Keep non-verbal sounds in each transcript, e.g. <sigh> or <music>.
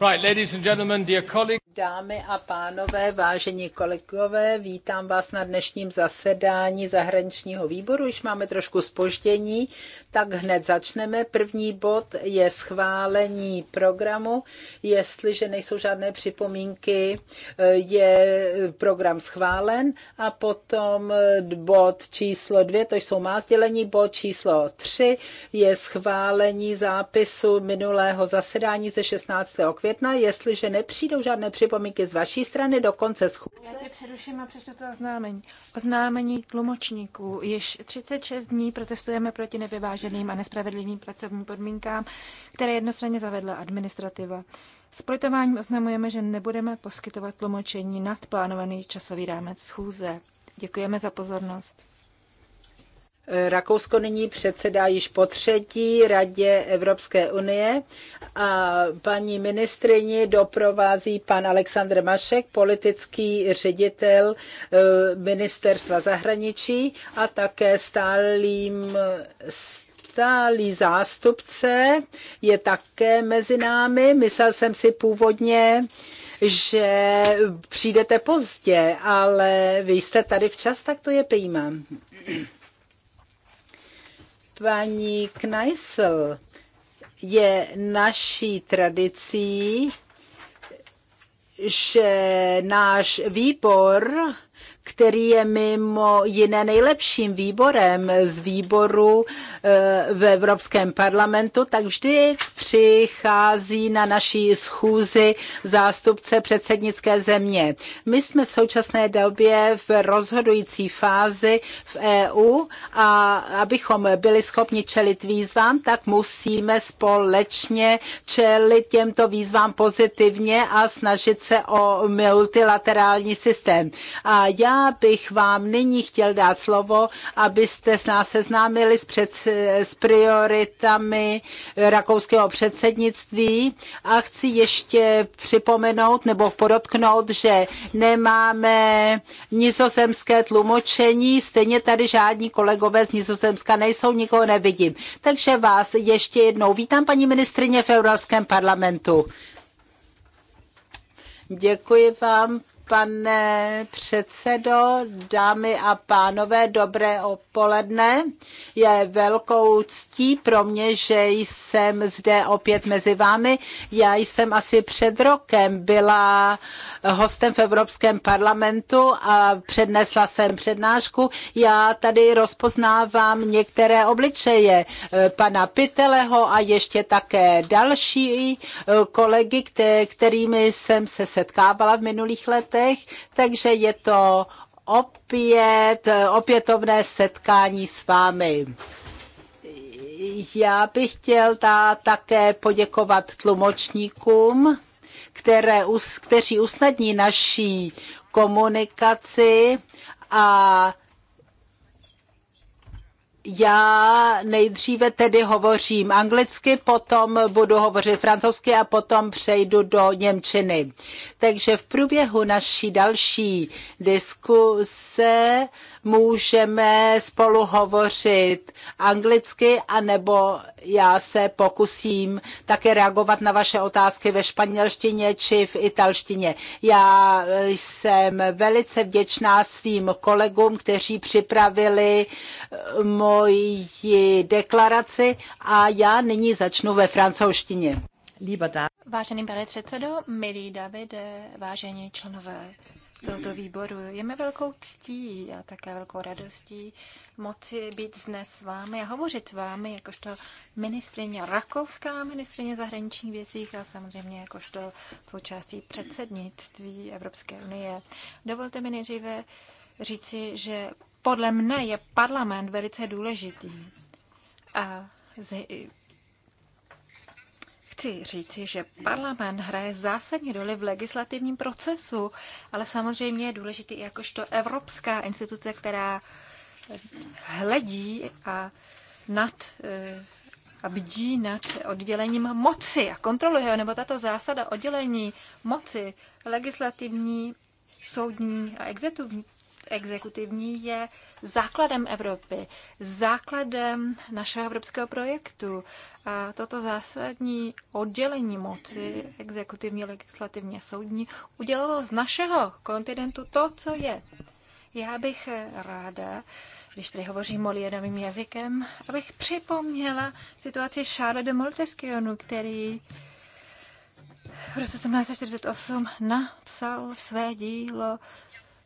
Right, ladies and gentlemen, dear colleagues. Dámy a pánové, vážení kolegové, vítám vás na dnešním zasedání zahraničního výboru. Už máme trošku spoždění, tak hned začneme. První bod je schválení programu. Jestliže nejsou žádné připomínky, je program schválen. A potom bod číslo dvě, to jsou má sdělení, bod číslo tři je schválení zápisu minulého zasedání ze 16. května. Jestliže nepřijdou žádné připomínky z vaší strany do konce schůze. Já tě přeruším a přečtu to oznámení. Oznámení tlumočníků. Již 36 dní protestujeme proti nevyváženým a nespravedlivým pracovním podmínkám, které jednostranně zavedla administrativa. S politováním oznamujeme, že nebudeme poskytovat tlumočení nad plánovaný časový rámec schůze. Děkujeme za pozornost. Rakousko nyní předsedá již po třetí radě Evropské unie a paní ministrini doprovází pan Aleksandr Mašek, politický ředitel eh, ministerstva zahraničí a také stálým stálý zástupce je také mezi námi. Myslel jsem si původně, že přijdete pozdě, ale vy jste tady včas, tak to je pejma paní Kneisel, je naší tradicí, že náš výbor který je mimo jiné nejlepším výborem z výboru eh, v Evropském parlamentu, tak vždy přichází na naší schůzi zástupce předsednické země. My jsme v současné době v rozhodující fázi v EU a abychom byli schopni čelit výzvám, tak musíme společně čelit těmto výzvám pozitivně a snažit se o multilaterální systém. A já bych vám nyní chtěl dát slovo, abyste s nás seznámili s, před, s prioritami rakouského předsednictví a chci ještě připomenout nebo podotknout, že nemáme nizozemské tlumočení, stejně tady žádní kolegové z Nizozemska nejsou, nikoho nevidím. Takže vás ještě jednou vítám, paní ministrině v Evropském parlamentu. Děkuji vám, pane předsedo, dámy a pánové, dobré odpoledne. Je velkou ctí pro mě, že jsem zde opět mezi vámi. Já jsem asi před rokem byla hostem v Evropském parlamentu a přednesla jsem přednášku. Já tady rozpoznávám některé obličeje eh, pana Piteleho a ještě také další eh, kolegy, kterými jsem se setkávala v minulých letech letech, takže je to opět opětovné setkání s vámi. Já bych chtěl ta, také poděkovat tlumočníkům, které, kteří usnadní naší komunikaci a já nejdříve tedy hovořím anglicky, potom budu hovořit francouzsky a potom přejdu do Němčiny. Takže v průběhu naší další diskuse můžeme spolu hovořit anglicky, anebo já se pokusím také reagovat na vaše otázky ve španělštině či v italštině. Já jsem velice vděčná svým kolegům, kteří připravili eh, moji deklaraci a já nyní začnu ve francouzštině. Vážený pane předsedo, milí Davide, eh, vážení členové tohoto výboru. Je mi velkou ctí a také velkou radostí moci být dnes s vámi a hovořit s vámi jakožto ministrině Rakouská, ministrině zahraničních věcí a samozřejmě jakožto součástí předsednictví Evropské unie. Dovolte mi nejdříve říci, že podle mne je parlament velice důležitý. A chci říci, že parlament hraje zásadní roli v legislativním procesu, ale samozřejmě je důležitý i jakožto evropská instituce, která eh, hledí a nad eh, a bdí nad oddělením moci a kontroluje ho, nebo tato zásada oddělení moci legislativní, soudní a exekutivní exekutivní je základem Evropy, základem našeho evropského projektu. A toto zásadní oddělení moci, exekutivní, legislativní a soudní, udělalo z našeho kontinentu to, co je. Já bych ráda, když tady hovořím Molierovým jazykem, abych připomněla situaci Charles de Montesquieu, který v roce 1748 napsal své dílo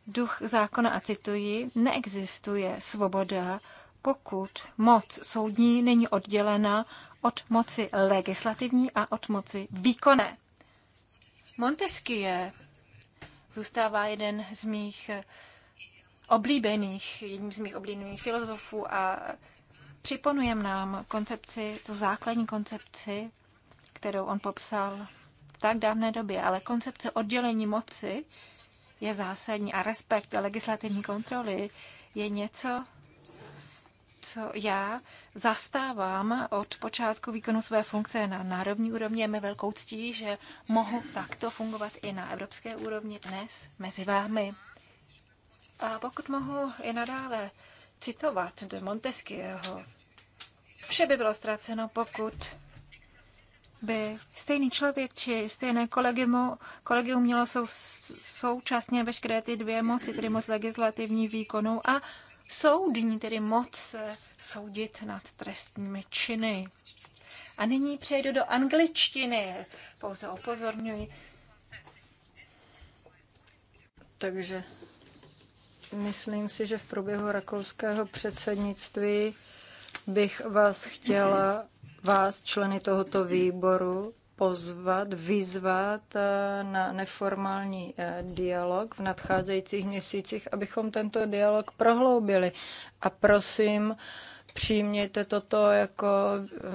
duch zákona, a cituji, neexistuje svoboda, pokud moc soudní není oddělena od moci legislativní a od moci výkonné. Montesquieu zůstává jeden z mých eh, oblíbených, jedním z mých oblíbených filozofů a připonujem nám koncepci, tu základní koncepci, kterou on popsal v tak dávné době, ale koncepce oddělení moci je zásadní a respekt legislativní kontroly je něco, co já zastávám od počátku výkonu své funkce na národní úrovni. Je mi velkou ctí, že mohu takto fungovat i na evropské úrovni dnes mezi vámi. A pokud mohu i nadále citovat de Montesquieho, vše by bylo ztraceno, pokud by stejný člověk či stejné kolegium, kolegium mělo sou, současně veškeré ty dvě moci, tedy moc legislativní výkonu a soudní, tedy moc eh, soudit nad trestními činy. A nyní přejdu do angličtiny. Pouze opozorňuji. Takže myslím si, že v průběhu rakouského předsednictví bych vás chtěla vás, členy tohoto výboru, pozvat, vyzvat eh, na neformální eh, dialog v nadcházejících měsících, abychom tento dialog prohloubili. A prosím, přijměte toto jako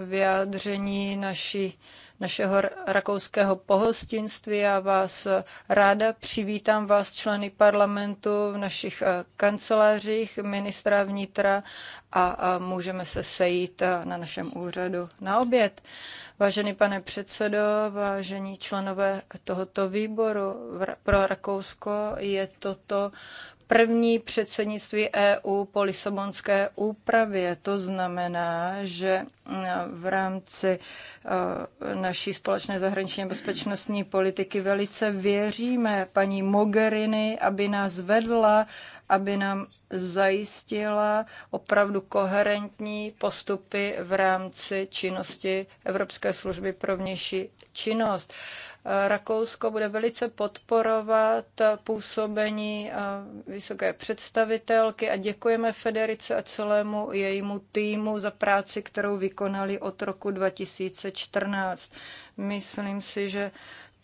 vyjádření naší našeho rakouského pohostinství. Já vás ráda přivítám vás členy parlamentu v našich eh, kancelářích ministra vnitra a můžeme se sejít eh, na našem úřadu na oběd. Vážený pane předsedo, vážení členové tohoto výboru pro Rakousko, je toto první předsednictví EU po Lisabonské úpravě. To znamená, že eh, v rámci eh, naší společné zahraniční bezpečnostní politiky velice věříme paní Mogherini, aby nás vedla, aby nám zajistila opravdu koherentní postupy v rámci činnosti Evropské služby pro vnější činnost. Rakousko bude velice podporovat působení eh, vysoké představitelky a děkujeme Federice a celému jejímu týmu za práci, kterou vykonali od roku 2014. Myslím si, že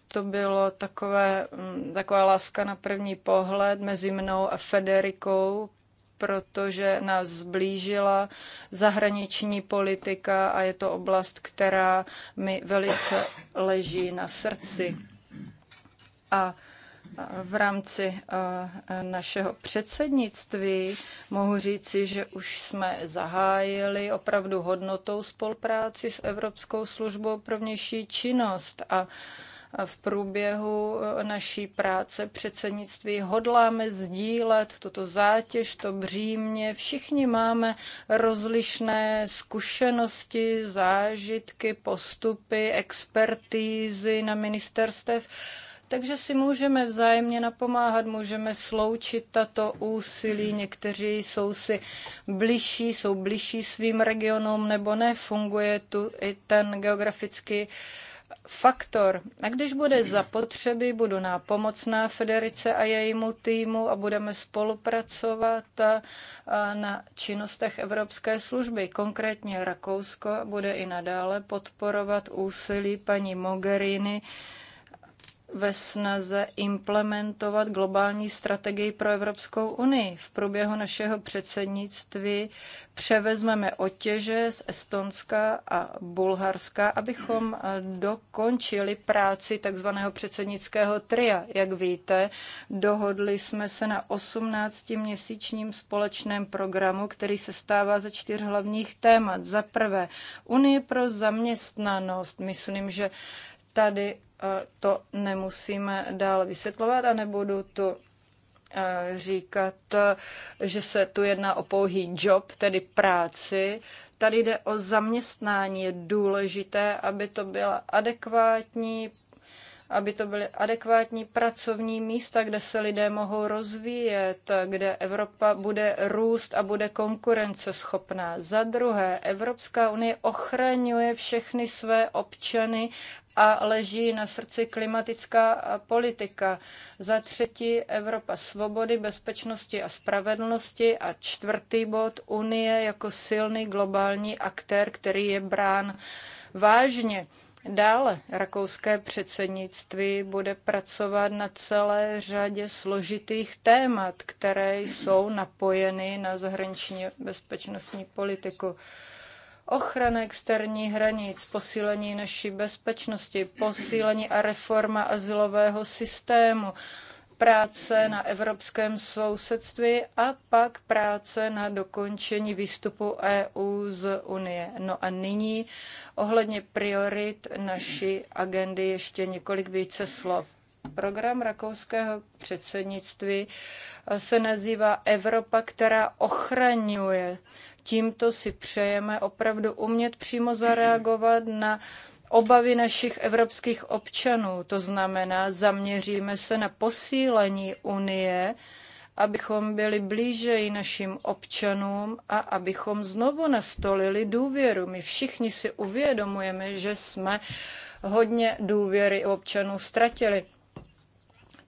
to bylo takové, mm, taková láska na první pohled mezi mnou a Federikou, protože nás zblížila zahraniční politika a je to oblast, která mi velice leží na srdci. A v rámci našeho předsednictví mohu říci, že už jsme zahájili opravdu hodnotou spolupráci s Evropskou službou pro vnější činnost a v průběhu e, naší práce předsednictví hodláme sdílet tuto zátěž, to břímě. Všichni máme rozlišné zkušenosti, zážitky, postupy, expertízy na ministerstev. Takže si můžeme vzájemně napomáhat, můžeme sloučit tato úsilí. Někteří jsou si bližší, jsou bližší svým regionům nebo ne. Funguje tu i ten geografický faktor. A když bude zapotřebí, budu nápomocná Federice a jejímu týmu a budeme spolupracovat na činnostech Evropské služby. Konkrétně Rakousko bude i nadále podporovat úsilí paní Mogherini ve snaze implementovat globální strategii pro Evropskou unii. V průběhu našeho předsednictví převezmeme otěže z Estonska a Bulharska, abychom dokončili práci tzv. předsednického tria. Jak víte, dohodli jsme se na 18-měsíčním společném programu, který se stává ze čtyř hlavních témat. Za prvé, Unie pro zaměstnanost. Myslím, že tady to nemusíme dál vysvětlovat a nebudu tu e, říkat, e, že se tu jedná o pouhý job, tedy práci. Tady jde o zaměstnání. Je důležité, aby to byla adekvátní aby to byly adekvátní pracovní místa, kde se lidé mohou rozvíjet, kde Evropa bude růst a bude konkurenceschopná. Za druhé, Evropská unie ochraňuje všechny své občany a leží na srdci klimatická politika. Za třetí Evropa svobody, bezpečnosti a spravedlnosti a čtvrtý bod Unie jako silný globální aktér, který je brán vážně. Dále rakouské předsednictví bude pracovat na celé řadě složitých témat, které jsou napojeny na zahraniční bezpečnostní politiku ochrana externích hranic, posílení naší bezpečnosti, posílení a reforma asilového systému, práce na evropském sousedství a pak práce na dokončení výstupu EU z Unie. No a nyní ohledně priorit naší agendy ještě několik více slov. Program rakouského předsednictví se nazývá Evropa, která ochraňuje. Tímto si přejeme opravdu umět přímo zareagovat na obavy našich evropských občanů. To znamená, zaměříme se na posílení Unie, abychom byli blížeji našim občanům a abychom znovu nastolili důvěru. My všichni si uvědomujeme, že jsme hodně důvěry občanů ztratili.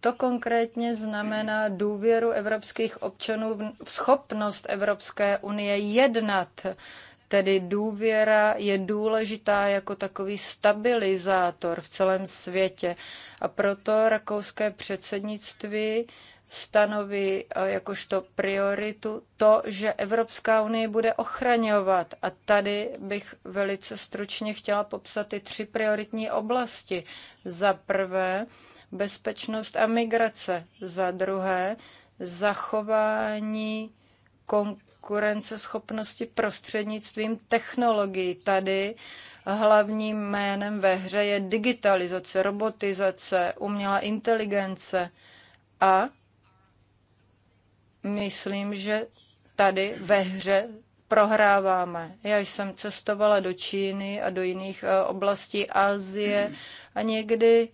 To konkrétně znamená důvěru evropských občanů v schopnost Evropské unie jednat Tedy důvěra je důležitá jako takový stabilizátor v celém světě. A proto rakouské předsednictví stanoví eh, jakožto prioritu to, že Evropská unie bude ochraňovat. A tady bych velice stručně chtěla popsat ty tři prioritní oblasti. Za prvé bezpečnost a migrace. Za druhé zachování kon- konkurenceschopnosti prostřednictvím technologií. Tady hlavním jménem ve hře je digitalizace, robotizace, umělá inteligence a myslím, že tady ve hře prohráváme. Já jsem cestovala do Číny a do jiných eh, oblastí Asie a někdy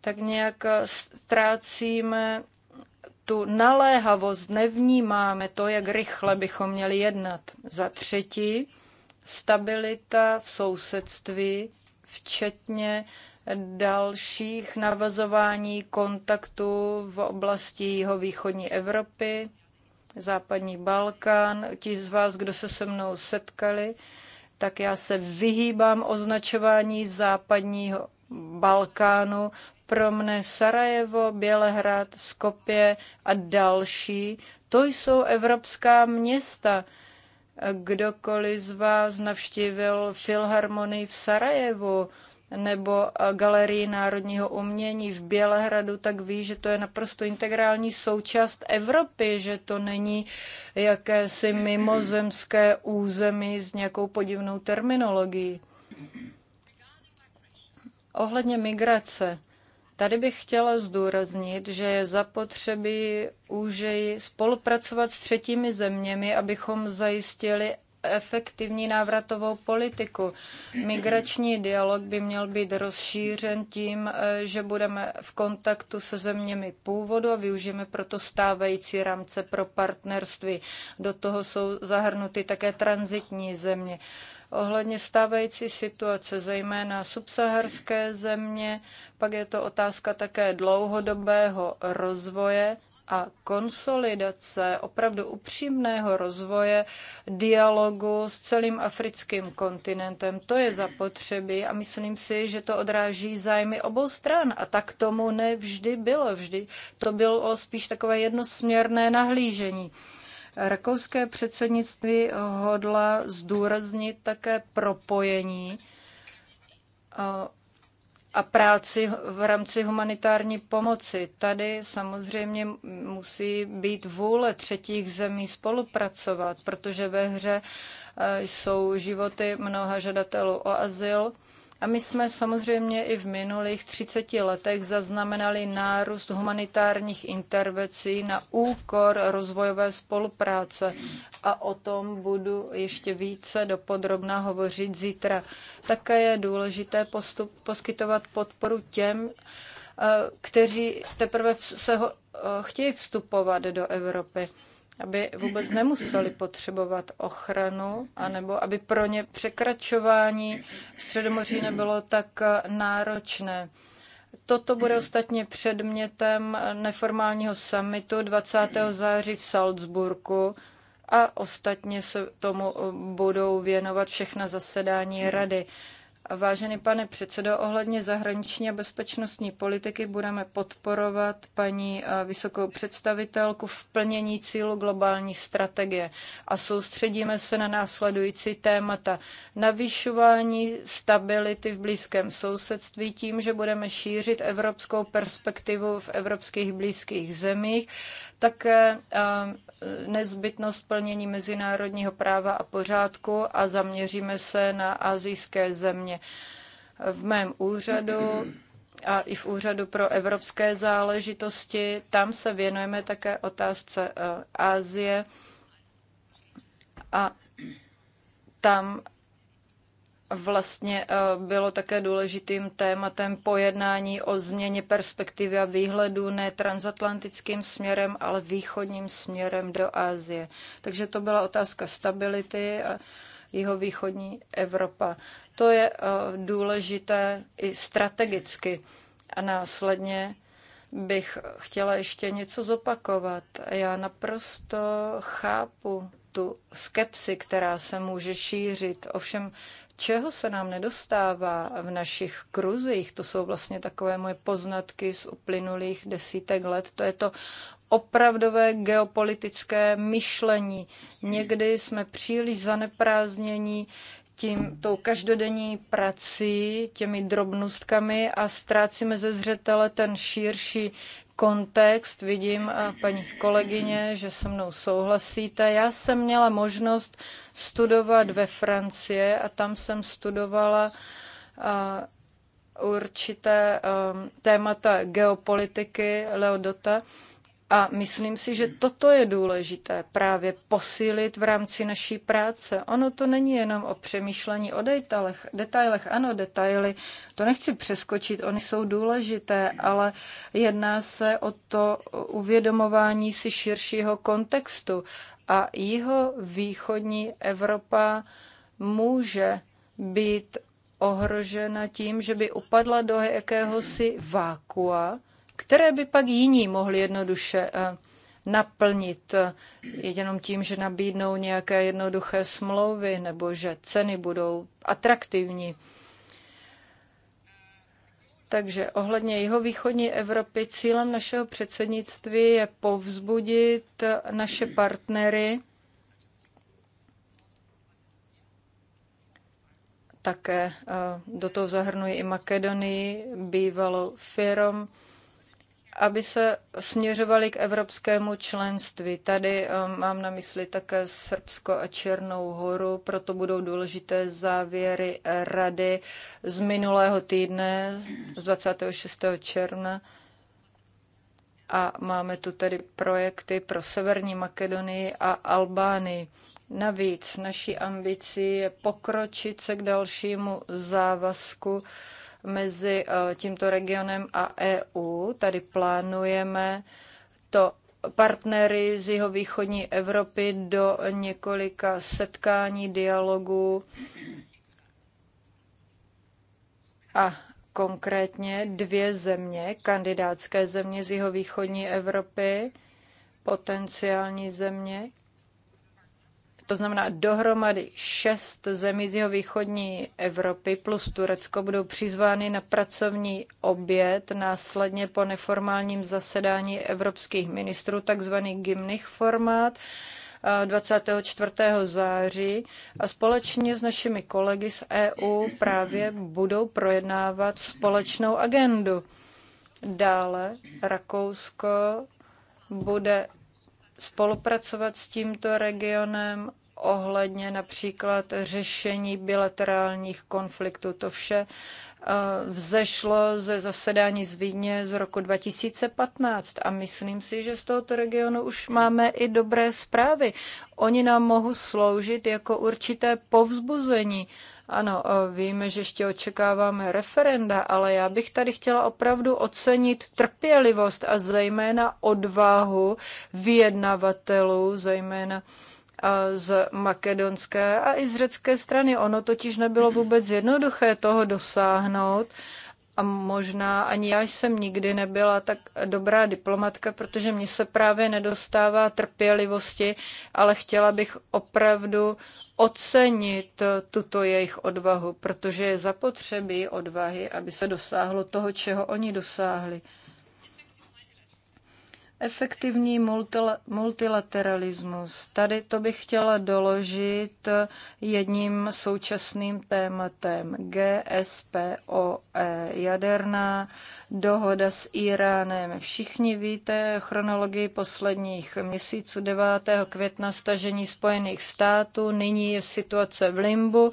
tak nějak eh, ztrácíme tu naléhavost nevnímáme to, jak rychle bychom měli jednat. Za třetí, stabilita v sousedství, včetně dalších navazování kontaktů v oblasti jeho východní Evropy, západní Balkán. Ti z vás, kdo se se mnou setkali, tak já se vyhýbám označování západního Balkánu, pro mne Sarajevo, Bělehrad, Skopje a další, to jsou evropská města. Kdokoliv z vás navštívil Filharmonii v Sarajevu nebo Galerii národního umění v Bělehradu, tak ví, že to je naprosto integrální součást Evropy, že to není jakési mimozemské území s nějakou podivnou terminologií. Ohledně migrace Tady bych chtěla zdůraznit, že je zapotřebí už spolupracovat s třetími zeměmi, abychom zajistili efektivní návratovou politiku. Migrační dialog by měl být rozšířen tím, eh, že budeme v kontaktu se zeměmi původu a využijeme proto stávající rámce pro partnerství. Do toho jsou zahrnuty také transitní země ohledně stávající situace, zejména subsaharské země, pak je to otázka také dlouhodobého rozvoje a konsolidace opravdu upřímného rozvoje dialogu s celým africkým kontinentem. To je zapotřebí a myslím si, že to odráží zájmy obou stran. A tak tomu nevždy bylo. Vždy to bylo spíš takové jednosměrné nahlížení. Rakouské předsednictví hodla zdůraznit také propojení a práci v rámci humanitární pomoci. Tady samozřejmě musí být vůle třetích zemí spolupracovat, protože ve hře jsou životy mnoha žadatelů o azyl a my jsme samozřejmě i v minulých 30 letech zaznamenali nárůst humanitárních intervencí na úkor rozvojové spolupráce. A o tom budu ještě více dopodrobná hovořit zítra. Také je důležité postup, poskytovat podporu těm, eh, kteří teprve se ho, eh, chtějí vstupovat do Evropy aby vůbec nemuseli potřebovat ochranu, anebo aby pro ně překračování Středomoří nebylo tak eh, náročné. Toto bude ostatně předmětem neformálního summitu 20. září v Salzburgu a ostatně se tomu eh, budou věnovat všechna zasedání rady. Vážený pane předsedo, ohledně zahraniční a bezpečnostní politiky budeme podporovat paní eh, vysokou představitelku v plnění cílu globální strategie a soustředíme se na následující témata. Navyšování stability v blízkém sousedství tím, že budeme šířit evropskou perspektivu v evropských blízkých zemích, také eh, nezbytnost plnění mezinárodního práva a pořádku a zaměříme se na azijské země. V mém úřadu a i v Úřadu pro evropské záležitosti, tam se věnujeme také otázce e, Asie a tam vlastně e, bylo také důležitým tématem pojednání o změně perspektivy a výhledu ne transatlantickým směrem, ale východním směrem do Asie. Takže to byla otázka stability. A jihovýchodní Evropa. To je eh, důležité i strategicky. A následně bych chtěla ještě něco zopakovat. Já naprosto chápu tu skepsi, která se může šířit. Ovšem, čeho se nám nedostává v našich kruzích, to jsou vlastně takové moje poznatky z uplynulých desítek let, to je to opravdové geopolitické myšlení. Někdy jsme příliš zaneprázdnění tím, tou každodenní prací, těmi drobnostkami a ztrácíme ze zřetele ten širší kontext. Vidím, a paní kolegyně, že se mnou souhlasíte. Já jsem měla možnost studovat ve Francie a tam jsem studovala určité um, témata geopolitiky Leodota. A myslím si, že toto je důležité právě posílit v rámci naší práce. Ono to není jenom o přemýšlení o detailech. detailech. Ano, detaily, to nechci přeskočit, oni jsou důležité, ale jedná se o to uvědomování si širšího kontextu. A jeho východní Evropa může být ohrožena tím, že by upadla do jakéhosi vákua, které by pak jiní mohli jednoduše eh, naplnit eh, jenom tím, že nabídnou nějaké jednoduché smlouvy nebo že ceny budou atraktivní. Takže ohledně jeho východní Evropy cílem našeho předsednictví je povzbudit naše partnery také eh, do toho zahrnuji i Makedonii, bývalou firm aby se směřovali k evropskému členství. Tady eh, mám na mysli také Srbsko a Černou horu, proto budou důležité závěry rady z minulého týdne, z 26. června. A máme tu tedy projekty pro Severní Makedonii a Albánii. Navíc naší ambicí je pokročit se k dalšímu závazku mezi eh, tímto regionem a EU. Tady plánujeme to partnery z jeho východní Evropy do několika setkání, dialogů a konkrétně dvě země, kandidátské země z jeho východní Evropy, potenciální země, to znamená, dohromady šest zemí z jeho východní Evropy plus Turecko budou přizvány na pracovní oběd následně po neformálním zasedání evropských ministrů, takzvaný gymnich formát. 24. Eh, září a společně s našimi kolegy z EU právě budou projednávat společnou agendu. Dále Rakousko bude spolupracovat s tímto regionem ohledně například řešení bilaterálních konfliktů. To vše eh, vzešlo ze zasedání z Vídně z roku 2015 a myslím si, že z tohoto regionu už máme i dobré zprávy. Oni nám mohou sloužit jako určité povzbuzení. Ano, eh, víme, že ještě očekáváme referenda, ale já bych tady chtěla opravdu ocenit trpělivost a zejména odvahu vyjednavatelů, zejména z makedonské a i z řecké strany. Ono totiž nebylo vůbec jednoduché toho dosáhnout a možná ani já jsem nikdy nebyla tak dobrá diplomatka, protože mně se právě nedostává trpělivosti, ale chtěla bych opravdu ocenit tuto jejich odvahu, protože je zapotřebí odvahy, aby se dosáhlo toho, čeho oni dosáhli. Efektivní multilateralismus. Tady to bych chtěla doložit jedním současným tématem GSPOE, jaderná dohoda s Iránem. Všichni víte chronologii posledních měsíců 9. května stažení Spojených států, nyní je situace v Limbu,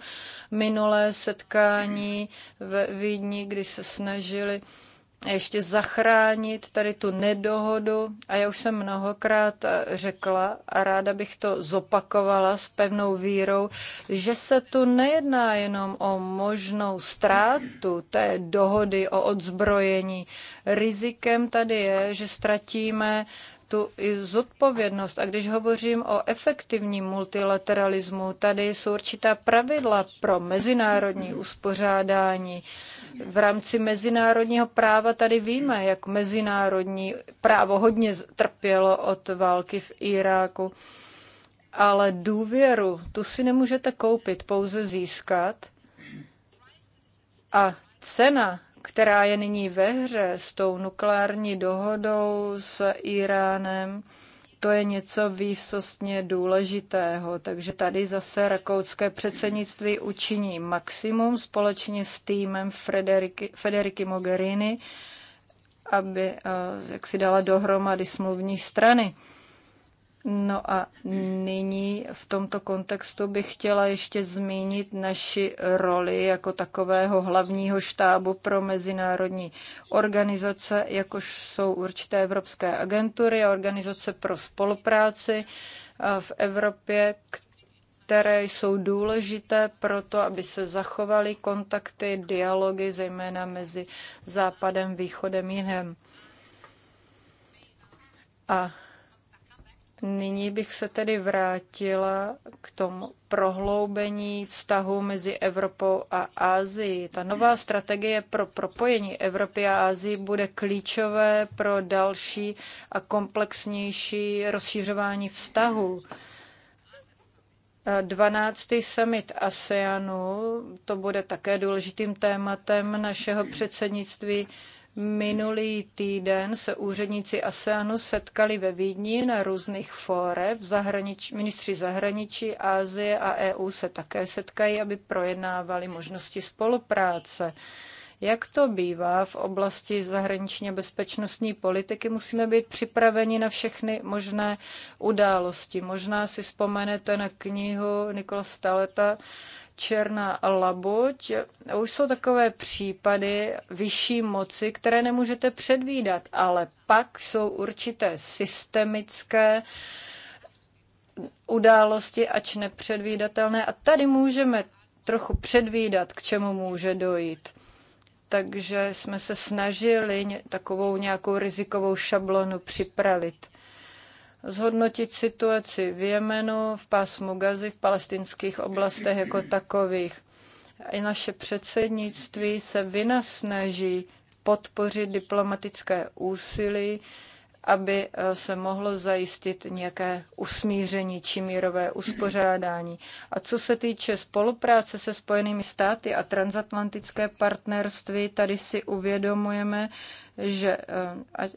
minulé setkání ve Vídni, kdy se snažili ještě zachránit tady tu nedohodu. A já už jsem mnohokrát eh, řekla a ráda bych to zopakovala s pevnou vírou, že se tu nejedná jenom o možnou ztrátu té dohody o odzbrojení. Rizikem tady je, že ztratíme tu i zodpovědnost. A když hovořím o efektivním multilateralismu, tady jsou určitá pravidla pro mezinárodní uspořádání v rámci mezinárodního práva tady víme, jak mezinárodní právo hodně trpělo od války v Iráku. Ale důvěru, tu si nemůžete koupit, pouze získat. A cena, která je nyní ve hře s tou nukleární dohodou s Iránem, to je něco výsostně důležitého. Takže tady zase rakouské předsednictví učiní maximum společně s týmem Frederiky, Federiky Mogherini, aby eh, jak si dala dohromady smluvní strany. No a nyní v tomto kontextu bych chtěla ještě zmínit naši roli jako takového hlavního štábu pro mezinárodní organizace, jakož jsou určité evropské agentury a organizace pro spolupráci v Evropě, které jsou důležité pro to, aby se zachovaly kontakty, dialogy, zejména mezi Západem, Východem, Jinem. A Nyní bych se tedy vrátila k tomu prohloubení vztahu mezi Evropou a Ázií. Ta nová strategie pro propojení Evropy a Ázii bude klíčové pro další a komplexnější rozšířování vztahu. 12. summit ASEANu, to bude také důležitým tématem našeho předsednictví Minulý týden se úředníci ASEANu setkali ve Vídni na různých fórech. Zahranič, ministři zahraničí, Asie a EU se také setkají, aby projednávali možnosti spolupráce. Jak to bývá v oblasti zahraničně bezpečnostní politiky, musíme být připraveni na všechny možné události. Možná si vzpomenete na knihu Nikola Staleta, černá labuť. Už jsou takové případy vyšší moci, které nemůžete předvídat, ale pak jsou určité systemické události, ač nepředvídatelné. A tady můžeme trochu předvídat, k čemu může dojít. Takže jsme se snažili takovou nějakou rizikovou šablonu připravit zhodnotit situaci v Jemenu, v pásmu Gazy, v palestinských oblastech jako takových. I naše předsednictví se vynasnaží podpořit diplomatické úsilí aby eh, se mohlo zajistit nějaké usmíření či mírové uspořádání. A co se týče spolupráce se Spojenými státy a transatlantické partnerství, tady si uvědomujeme, že eh, eh,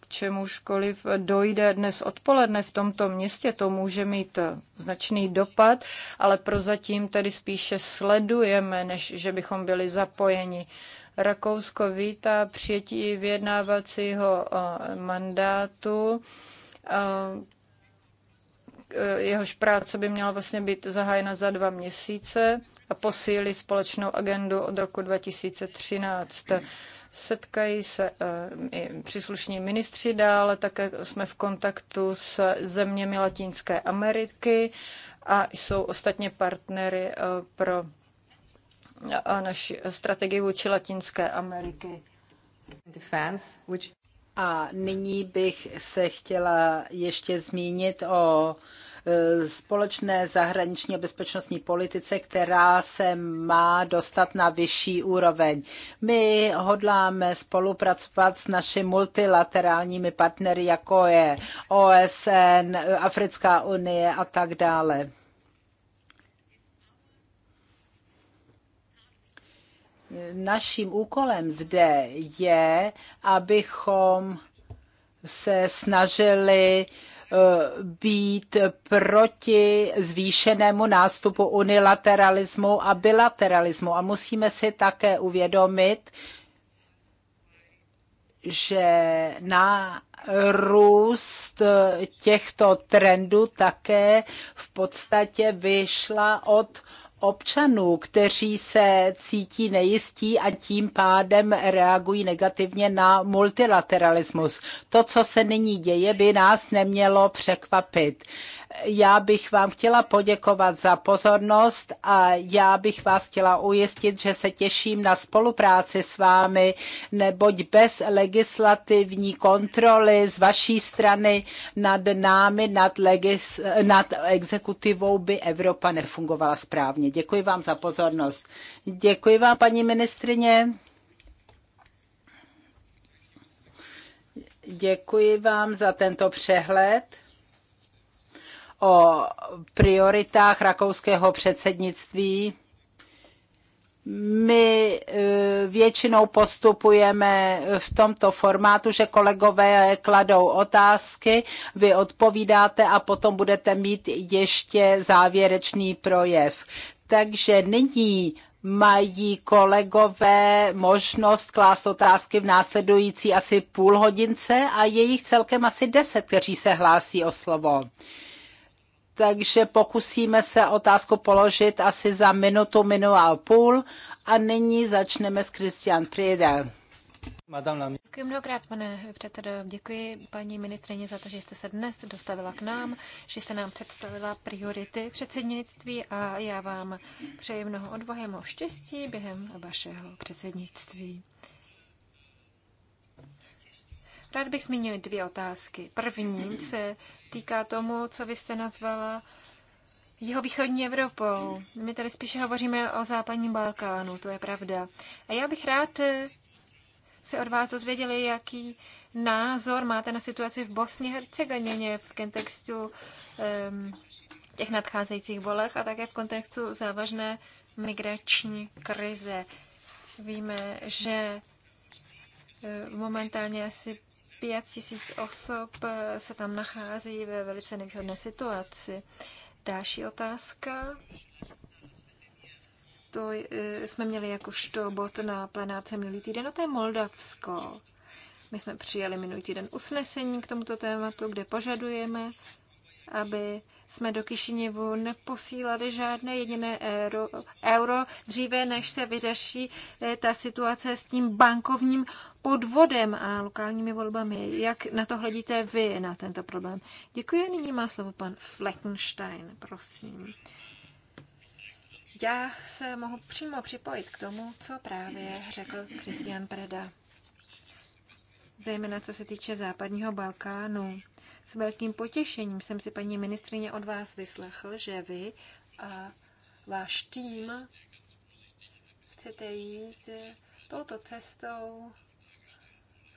k čemuškoliv dojde dnes odpoledne v tomto městě, to může mít značný dopad, ale prozatím tedy spíše sledujeme, než že bychom byli zapojeni. Rakousko vítá přijetí vyjednávacího eh, mandátu eh, eh, jehož práce by měla vlastně být zahájena za dva měsíce a posílí společnou agendu od roku 2013. Setkají se i příslušní ministři dále, také jsme v kontaktu s zeměmi Latinské Ameriky a jsou ostatně partnery pro a naši strategii vůči Latinské Ameriky. A nyní bych se chtěla ještě zmínit o e, společné zahraniční a bezpečnostní politice, která se má dostat na vyšší úroveň. My hodláme spolupracovat s našimi multilaterálními partnery, jako je OSN, Africká unie a tak dále. Naším úkolem zde je, abychom se snažili eh, být proti zvýšenému nástupu unilateralismu a bilateralismu. A musíme si také uvědomit, že na růst těchto trendů také v podstatě vyšla od občanů, kteří se cítí nejistí a tím pádem reagují negativně na multilateralismus. To, co se nyní děje, by nás nemělo překvapit. Já bych vám chtěla poděkovat za pozornost a já bych vás chtěla ujistit, že se těším na spolupráci s vámi, neboť bez legislativní kontroly z vaší strany nad námi, nad, legis, nad exekutivou by Evropa nefungovala správně. Děkuji vám za pozornost. Děkuji vám, paní ministrině. Děkuji vám za tento přehled o prioritách rakouského předsednictví. My e, většinou postupujeme v tomto formátu, že kolegové kladou otázky, vy odpovídáte a potom budete mít ještě závěrečný projev. Takže nyní mají kolegové možnost klást otázky v následující asi půl hodince a je jich celkem asi deset, kteří se hlásí o slovo takže pokusíme se otázku položit asi za minutu, minutu a půl a nyní začneme s Christian Priedel. Děkuji mnohokrát, pane předsedo. Děkuji paní ministrině za to, že jste se dnes dostavila k nám, že jste nám představila priority předsednictví a já vám přeji mnoho odvahy, mnoho štěstí během vašeho předsednictví. Rád bych zmínil dvě otázky. První se týká tomu, co vy jste nazvala jeho východní Evropou. My tady spíše hovoříme o západním Balkánu, to je pravda. A já bych rád eh, se od vás dozvěděli, jaký názor máte na situaci v Bosně Hercegovině v kontextu um, těch nadcházejících volech a také v kontextu závažné migrační krize. Víme, že eh, momentálně asi 5 tisíc osob eh, se tam nachází ve velice nevýhodné situaci. Další otázka. To eh, jsme měli jakožto bod na plenáce minulý týden, a no to je Moldavsko. My jsme přijali minulý týden usnesení k tomuto tématu, kde požadujeme, aby jsme do Kišiněvu neposílali žádné jediné euro, euro dříve, než se vyřeší eh, ta situace s tím bankovním podvodem a lokálními volbami. Jak na to hledíte vy, na tento problém? Děkuji. Nyní má slovo pan Fleckenstein, prosím. Já se mohu přímo připojit k tomu, co právě řekl Christian Preda. Zejména co se týče západního Balkánu. S velkým potěšením jsem si, paní ministrině, od vás vyslechl, že vy a váš tým chcete jít eh, touto cestou,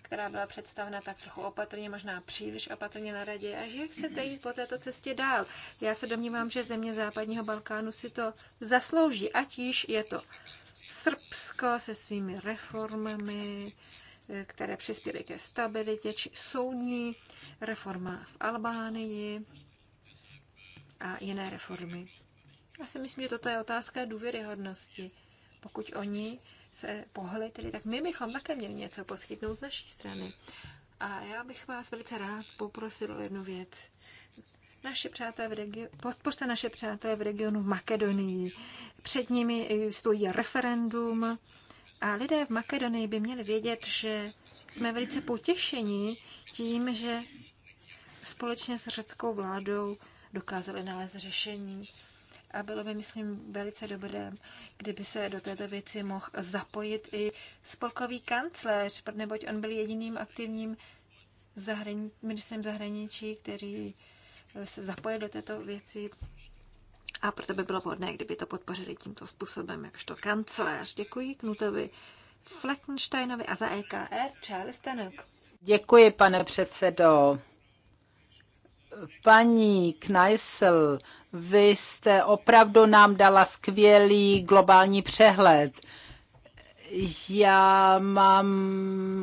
která byla představena tak trochu opatrně, možná příliš opatrně na radě, a že chcete jít po této cestě dál. Já se domnívám, že země západního Balkánu si to zaslouží, ať již je to Srbsko se svými reformami, eh, které přispěly ke stabilitě, či soudní reforma v Albánii a jiné reformy. Já si myslím, že toto je otázka důvěryhodnosti. Pokud oni se pohli, tedy, tak my bychom také měli něco poskytnout z naší strany. A já bych vás velice rád poprosil o jednu věc. Naše přátelé v regionu, podpořte naše přátelé v regionu v Makedonii. Před nimi stojí referendum a lidé v Makedonii by měli vědět, že jsme velice potěšeni tím, že společně s řeckou vládou dokázali nalézt řešení. A bylo by, myslím, velice dobré, kdyby se do této věci mohl zapojit i spolkový kancléř, neboť on byl jediným aktivním zahrani- ministrem zahraničí, který se zapojil do této věci. A proto by bylo vhodné, kdyby to podpořili tímto způsobem, jakožto kancléř. Děkuji Knutovi Fleckensteinovi a za EKR Charles Tenok. Děkuji, pane předsedo. Paní Kneisel, vy jste opravdu nám dala skvělý globální přehled. Já mám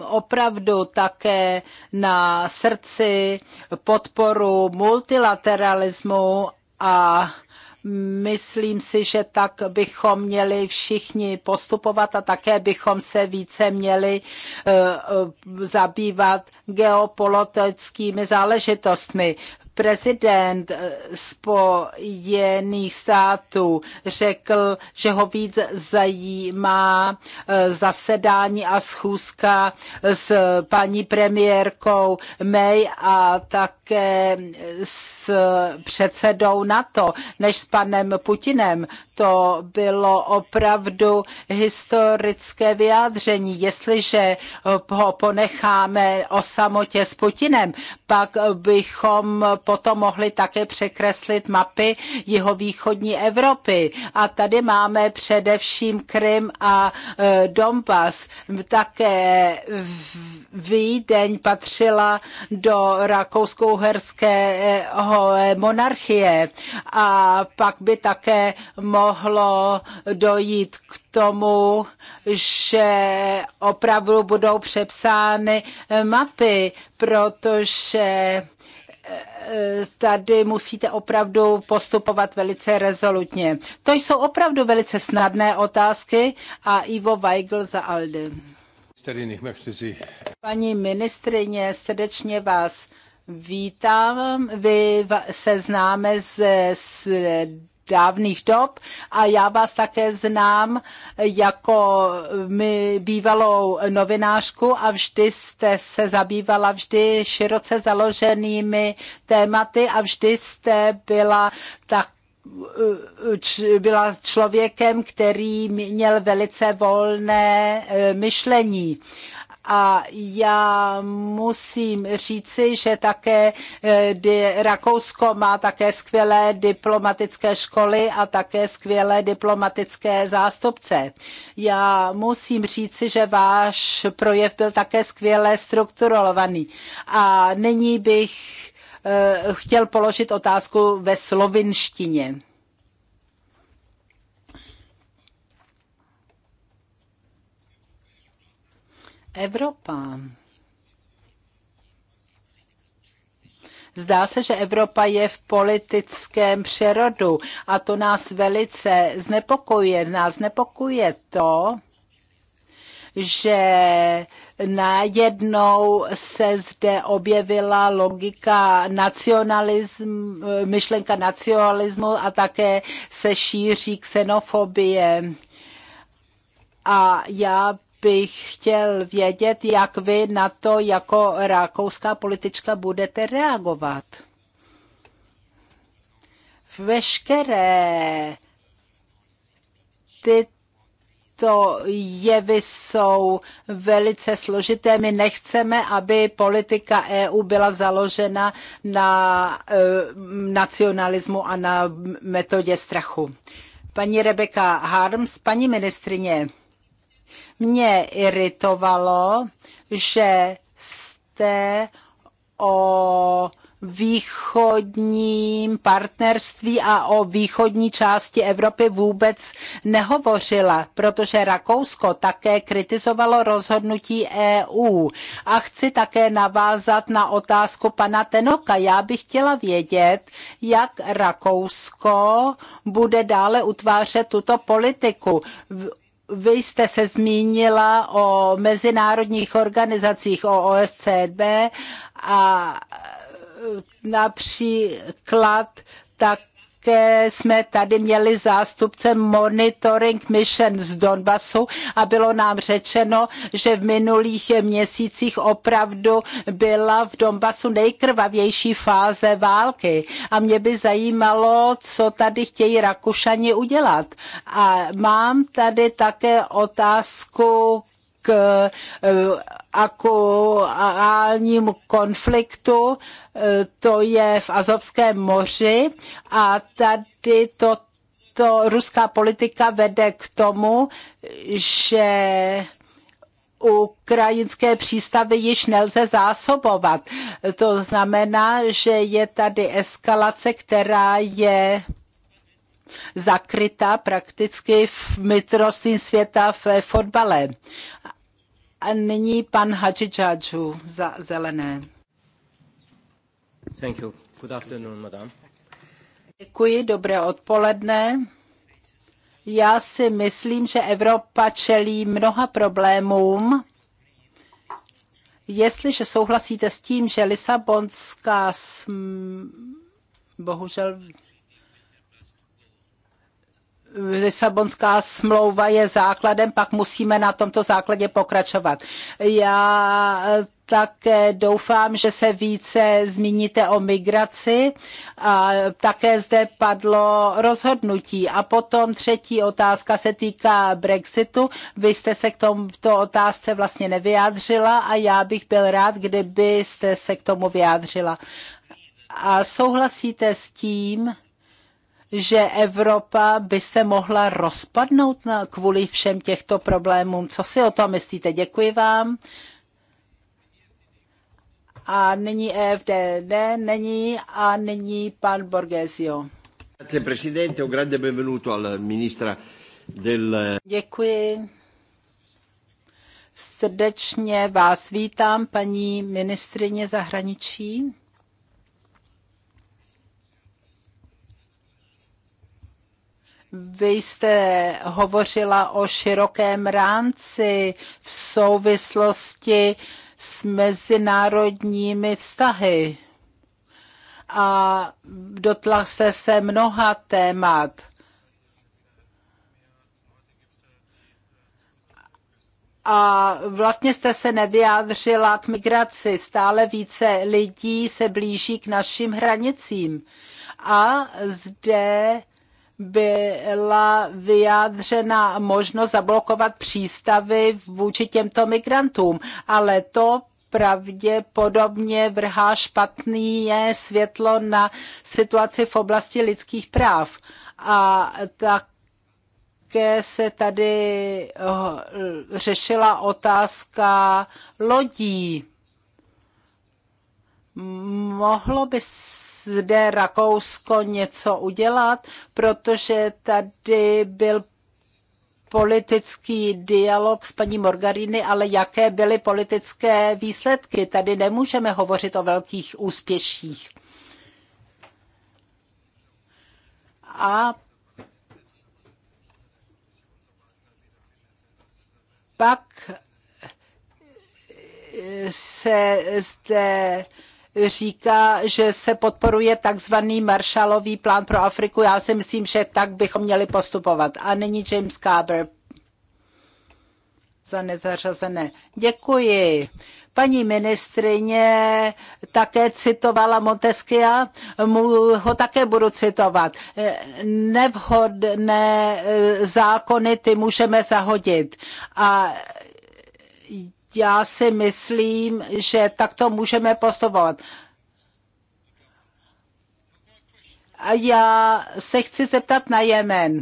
opravdu také na srdci podporu multilateralismu a Myslím si, že tak bychom měli všichni postupovat a také bychom se více měli e, e, zabývat geopolitickými záležitostmi prezident eh, Spojených států řekl, že ho víc zajímá eh, zasedání a schůzka s paní premiérkou May a také s předsedou NATO než s panem Putinem. To bylo opravdu historické vyjádření. Jestliže ho ponecháme o samotě s Putinem, pak bychom potom mohli také překreslit mapy jihovýchodní Evropy. A tady máme především Krym a e, Donbass. Také Vídeň patřila do rakousko-uherského e, monarchie a pak by také mohlo dojít k tomu, že opravdu budou přepsány mapy, protože tady musíte opravdu postupovat velice rezolutně. To jsou opravdu velice snadné otázky a Ivo Weigl za Aldi. Paní ministrině, srdečně vás vítám. Vy se známe z, z dávných dob a já vás také znám jako my bývalou novinářku a vždy jste se zabývala vždy široce založenými tématy a vždy jste byla tak byla člověkem, který měl velice volné e, myšlení. A já musím říci, že také eh, Rakousko má také skvělé diplomatické školy a také skvělé diplomatické zástupce. Já musím říci, že váš projev byl také skvěle strukturovaný. A nyní bych eh, chtěl položit otázku ve slovinštině. Evropa. Zdá se, že Evropa je v politickém přerodu a to nás velice znepokojuje. Nás znepokojuje to, že najednou se zde objevila logika nacionalism, myšlenka nacionalismu a také se šíří xenofobie. A já bych chtěl vědět, jak vy na to jako rakouská politička budete reagovat. Veškeré ty tyto jevy jsou velice složité. My nechceme, aby politika EU byla založena na e, nacionalismu a na metodě strachu. Paní Rebeka Harms, paní ministrině, mě iritovalo, že jste o východním partnerství a o východní části Evropy vůbec nehovořila, protože Rakousko také kritizovalo rozhodnutí EU. A chci také navázat na otázku pana Tenoka. Já bych chtěla vědět, jak Rakousko bude dále utvářet tuto politiku vy jste se zmínila o mezinárodních organizacích, o OSCB a například tak také jsme tady měli zástupce Monitoring Mission z Donbasu a bylo nám řečeno, že v minulých měsících opravdu byla v Donbasu nejkrvavější fáze války. A mě by zajímalo, co tady chtějí Rakušani udělat. A mám tady také otázku k eh, akuálnímu konfliktu, eh, to je v Azovském moři a tady to to ruská politika vede k tomu, že ukrajinské přístavy již nelze zásobovat. To znamená, že je tady eskalace, která je zakrytá prakticky v mistrovství světa v fotbale. A nyní pan za zelené. Thank you. Good afternoon, madam. Děkuji, dobré odpoledne. Já si myslím, že Evropa čelí mnoha problémům. Jestliže souhlasíte s tím, že Lisabonská sm... bohužel Lisabonská smlouva je základem, pak musíme na tomto základě pokračovat. Já eh, také doufám, že se více zmíníte o migraci. A také zde padlo rozhodnutí. A potom třetí otázka se týká Brexitu. Vy jste se k tomto otázce vlastně nevyjádřila a já bych byl rád, kdybyste se k tomu vyjádřila. A souhlasíte s tím, že Evropa by se mohla rozpadnout na, kvůli všem těchto problémům. Co si o tom myslíte? Děkuji vám. A nyní ne, není a nyní pan Borgesio. Děkuji. Srdečně vás vítám, paní ministrině zahraničí. Vy jste hovořila o širokém rámci v souvislosti s mezinárodními vztahy a dotla jste se mnoha témat. a vlastně jste se nevyjádřila k migraci. Stále více lidí se blíží k našim hranicím. A zde byla vyjádřena možnost zablokovat přístavy vůči těmto migrantům, ale to pravděpodobně vrhá špatné světlo na situaci v oblasti lidských práv. A také se tady eh, řešila otázka lodí. Mohlo by se zde Rakousko něco udělat, protože tady byl politický dialog s paní Morgarini, ale jaké byly politické výsledky? Tady nemůžeme hovořit o velkých úspěších. A pak se zde říká, že se podporuje takzvaný Marshallový plán pro Afriku. Já si myslím, že tak bychom měli postupovat. A není James Carver za nezařazené. Děkuji. Paní ministrině také citovala Montesquia, ho také budu citovat. Nevhodné eh, zákony ty můžeme zahodit. A já si myslím, že takto můžeme postupovat. A já se chci zeptat na Jemen.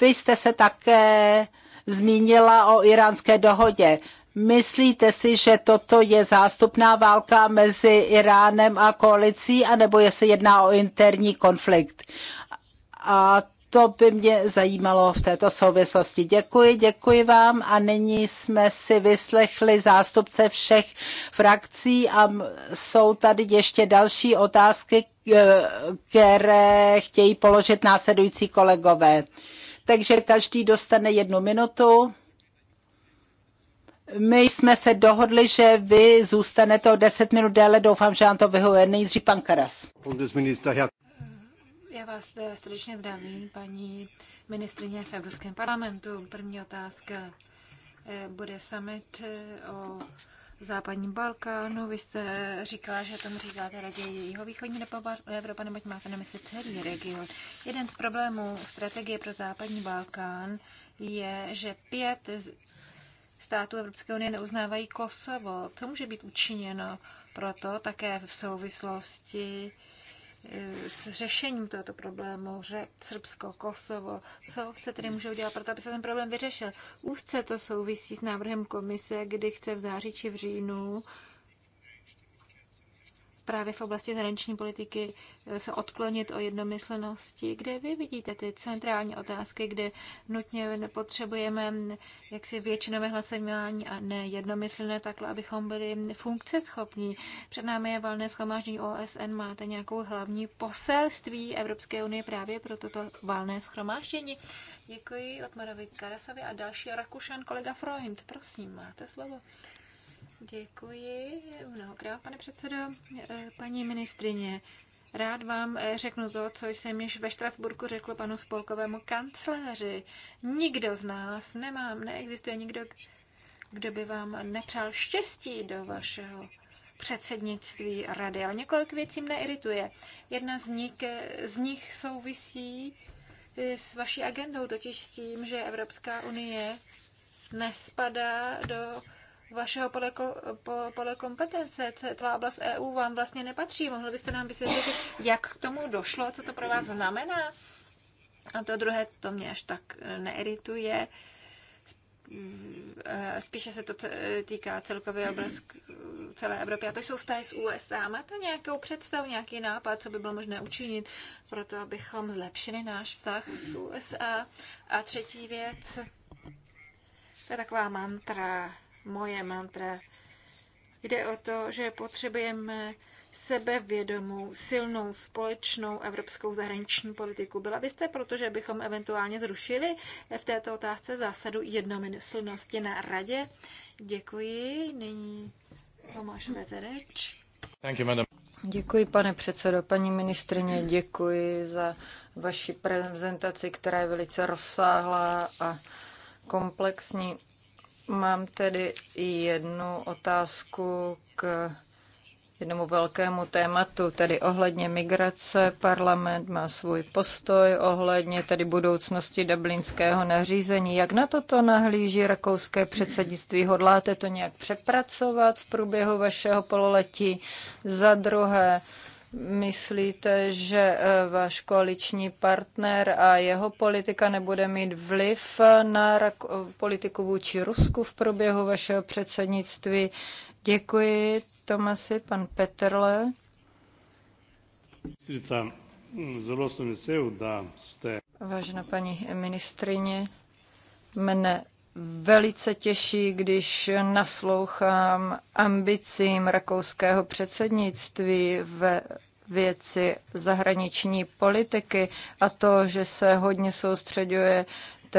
Vy jste se také zmínila o iránské dohodě. Myslíte si, že toto je zástupná válka mezi Iránem a koalicí, anebo je se jedná o interní konflikt? A to by mě zajímalo v této souvislosti. Děkuji, děkuji vám a nyní jsme si vyslechli zástupce všech frakcí a jsou tady ještě další otázky, e, které chtějí položit následující kolegové. Takže každý dostane jednu minutu. My jsme se dohodli, že vy zůstanete o 10 minut déle. Doufám, že vám to vyhovuje. Nejdřív pan Karas. Já vás eh, srdečně zdravím, paní ministrině v Evropském parlamentu. První otázka. Eh, bude summit eh, o západním Balkánu. Vy jste říkala, že tam říkáte raději jeho východní Evropa, nebo máte na mysli celý region. Jeden z problémů strategie pro západní Balkán je, že pět států Evropské unie neuznávají Kosovo. Co může být učiněno proto také v souvislosti s řešením tohoto problému, že Srbsko, Kosovo, co se tedy může udělat pro to, aby se ten problém vyřešil. Úzce to souvisí s návrhem komise, kdy chce v září či v říjnu právě v oblasti zahraniční politiky eh, se odklonit o jednomyslnosti, kde vy vidíte ty centrální otázky, kde nutně potřebujeme mm, jaksi většinové hlasování a ne jednomyslné takhle, abychom byli funkce schopní. Před námi je valné schromáždění OSN, máte nějakou hlavní poselství Evropské unie právě pro toto valné schromáždění. Děkuji Otmarovi Karasovi a další Rakušan kolega Freund. Prosím, máte slovo. Děkuji mnohokrát, pane předsedo. Eh, paní ministrině, rád vám eh, řeknu to, co jsem již ve Štrasburku řekl panu spolkovému kancléři. Nikdo z nás nemám, neexistuje nikdo, kdo by vám nepřál štěstí do vašeho předsednictví rady, ale několik věcí mne irituje. Jedna z nich, eh, z nich souvisí s vaší agendou, totiž s tím, že Evropská unie nespadá do vašeho pole, pole kompetence. tvá oblast EU vám vlastně nepatří. Mohli byste nám vysvětlit, jak k tomu došlo, co to pro vás znamená? A to druhé, to mě až tak eh, neirituje. Eh, spíše se to eh, týká celkově obraz celé Evropy. A to jsou vztahy s USA. Máte nějakou představu, nějaký nápad, co by bylo možné učinit pro to, abychom zlepšili náš vztah s USA? A třetí věc, to je taková mantra moje mantra. Jde o to, že potřebujeme sebevědomou, silnou, společnou evropskou zahraniční politiku. Byla byste proto, že bychom eventuálně zrušili v této otázce zásadu jednomyslnosti na radě? Děkuji. Nyní Tomáš Vezereč. Thank you, madam. Děkuji, pane předsedo. Paní ministrině, děkuji za vaši prezentaci, která je velice rozsáhlá a komplexní. Mám tedy i jednu otázku k jednomu velkému tématu, tedy ohledně migrace. Parlament má svůj postoj ohledně tedy budoucnosti dublinského nařízení. Jak na toto nahlíží rakouské předsednictví? Hodláte to nějak přepracovat v průběhu vašeho pololetí? Za druhé, Myslíte, že eh, váš koaliční partner a jeho politika nebude mít vliv na politiku vůči Rusku v průběhu vašeho předsednictví? Děkuji, Tomasi, pan Petrle. Hm, Vážená paní ministrině, mne velice těší, když naslouchám ambicím rakouského předsednictví ve věci zahraniční politiky a to, že se hodně soustředuje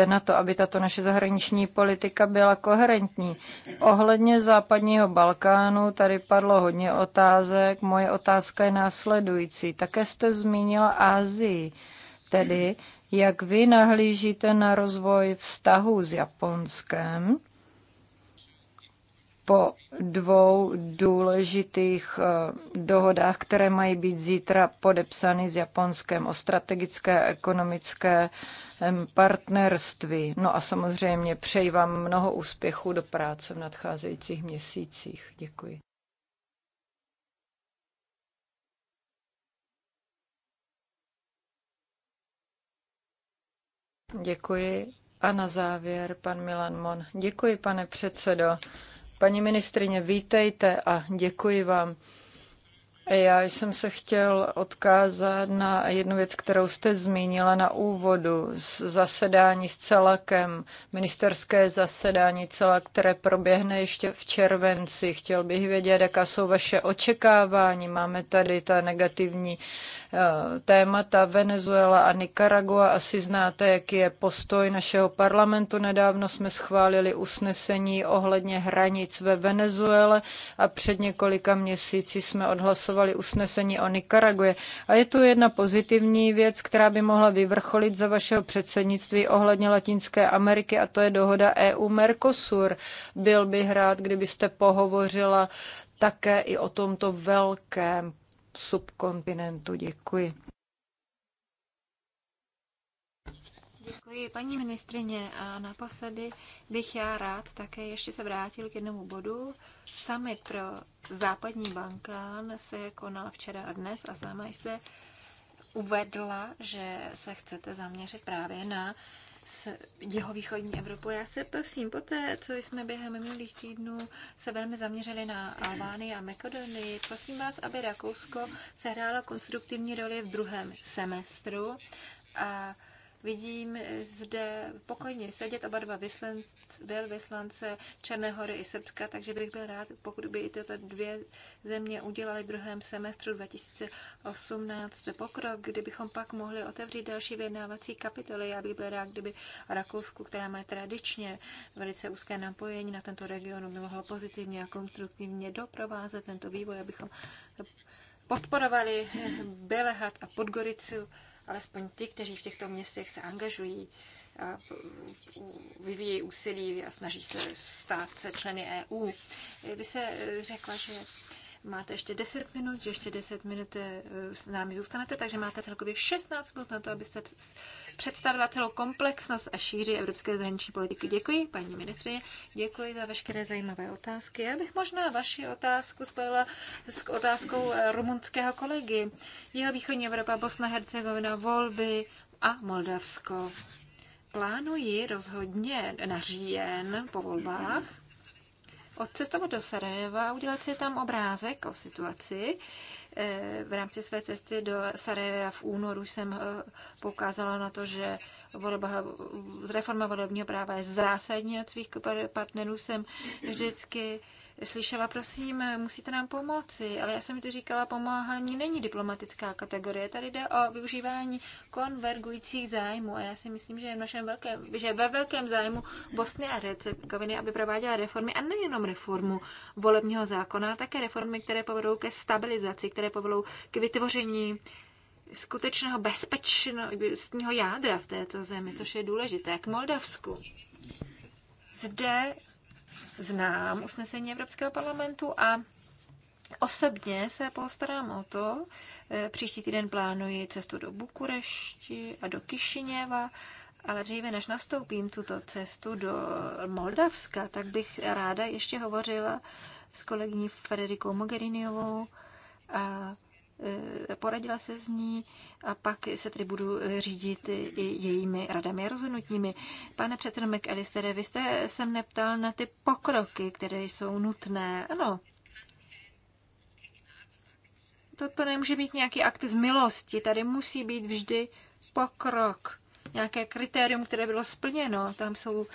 na to, aby tato naše zahraniční politika byla koherentní. Ohledně západního Balkánu tady padlo hodně otázek. Moje otázka je následující. Také jste zmínila Ázii, tedy jak vy nahlížíte na rozvoj vztahu s Japonskem po dvou důležitých eh, dohodách, které mají být zítra podepsány s Japonskem o strategické a ekonomické partnerství. No a samozřejmě přeji vám mnoho úspěchů do práce v nadcházejících měsících. Děkuji. Děkuji. A na závěr pan Milan Mon. Děkuji, pane předsedo. Paní ministrině, vítejte a děkuji vám. Já jsem se chtěl odkázat na jednu věc, kterou jste zmínila na úvodu, zasedání s celakem, ministerské zasedání celak, které proběhne ještě v červenci. Chtěl bych vědět, jaká jsou vaše očekávání. Máme tady ta negativní eh, témata Venezuela a Nicaragua. Asi znáte, jaký je postoj našeho parlamentu. Nedávno jsme schválili usnesení ohledně hranic ve Venezuele a před několika měsíci jsme odhlasovali hlasovali usnesení o Nikaraguje. A je tu jedna pozitivní věc, která by mohla vyvrcholit za vašeho předsednictví ohledně Latinské Ameriky a to je dohoda EU-Mercosur. Byl bych rád, kdybyste pohovořila také i o tomto velkém subkontinentu. Děkuji. Děkuji, paní ministrině. A naposledy bych já rád také ještě se vrátil k jednomu bodu. Summit pro západní Balkán se konal včera a dnes a sama jste uvedla, že se chcete zaměřit právě na s jihovýchodní Evropu. Já se prosím, po té, co jsme během minulých týdnů se velmi zaměřili na Albánii a Makedonii, prosím vás, aby Rakousko sehrálo konstruktivní roli v druhém semestru a Vidím eh, zde pokojně sedět oba dva vyslance Černé hory i Srbska, takže bych byl rád, pokud by i tyto dvě země udělaly v druhém semestru 2018 pokrok, kdybychom pak mohli otevřít další vyjednávací kapitoly. Já bych byl rád, kdyby Rakousku, která má tradičně velice úzké napojení na tento region, by mohlo pozitivně a konstruktivně doprovázet tento vývoj, abychom podporovali Belehrad a Podgoricu alespoň ty, kteří v těchto městech se angažují, a vyvíjí úsilí a snaží se stát se členy EU. By se e, řekla, že máte ještě 10 minut, že ještě 10 minut e, s námi zůstanete, takže máte celkově 16 minut na to, abyste představila celou komplexnost a šíři evropské zahraniční politiky. Děkuji, paní ministrině, děkuji za veškeré zajímavé otázky. Já bych možná vaši otázku spojila s otázkou eh, rumunského kolegy. Jeho východní Evropa, Bosna, Hercegovina, volby a Moldavsko. Plánuji rozhodně na říjen po volbách odcestovat do Sarajeva a udělat si tam obrázek o situaci v rámci své cesty do Sarajeva v únoru jsem eh, poukázala na to, že volba, reforma volebního práva je zásadní od svých partnerů. Jsem vždycky slyšela, prosím, musíte nám pomoci, ale já jsem ti říkala, pomáhání není diplomatická kategorie, tady jde o využívání konvergujících zájmů a já si myslím, že je v našem velkém, že ve velkém zájmu Bosny a Hercegoviny, aby prováděla reformy a nejenom reformu volebního zákona, ale také reformy, které povedou ke stabilizaci, které povedou k vytvoření skutečného bezpečného jádra v této zemi, což je důležité, k Moldavsku. Zde znám usnesení Evropského parlamentu a Osobně se postarám o to, eh, příští týden plánuji cestu do Bukurešti a do Kišiněva, ale dříve než nastoupím tuto cestu do Moldavska, tak bych ráda ještě hovořila s kolegyní Frederikou Mogheriniovou a Eh, poradila se s ní a pak se tedy budu řídit i jejími radami a rozhodnutími. Pane předsedo McAllister, vy jste se mne ptal na ty pokroky, které jsou nutné. Ano, toto nemůže být nějaký akt z milosti, tady musí být vždy pokrok, nějaké kritérium, které bylo splněno. Tam jsou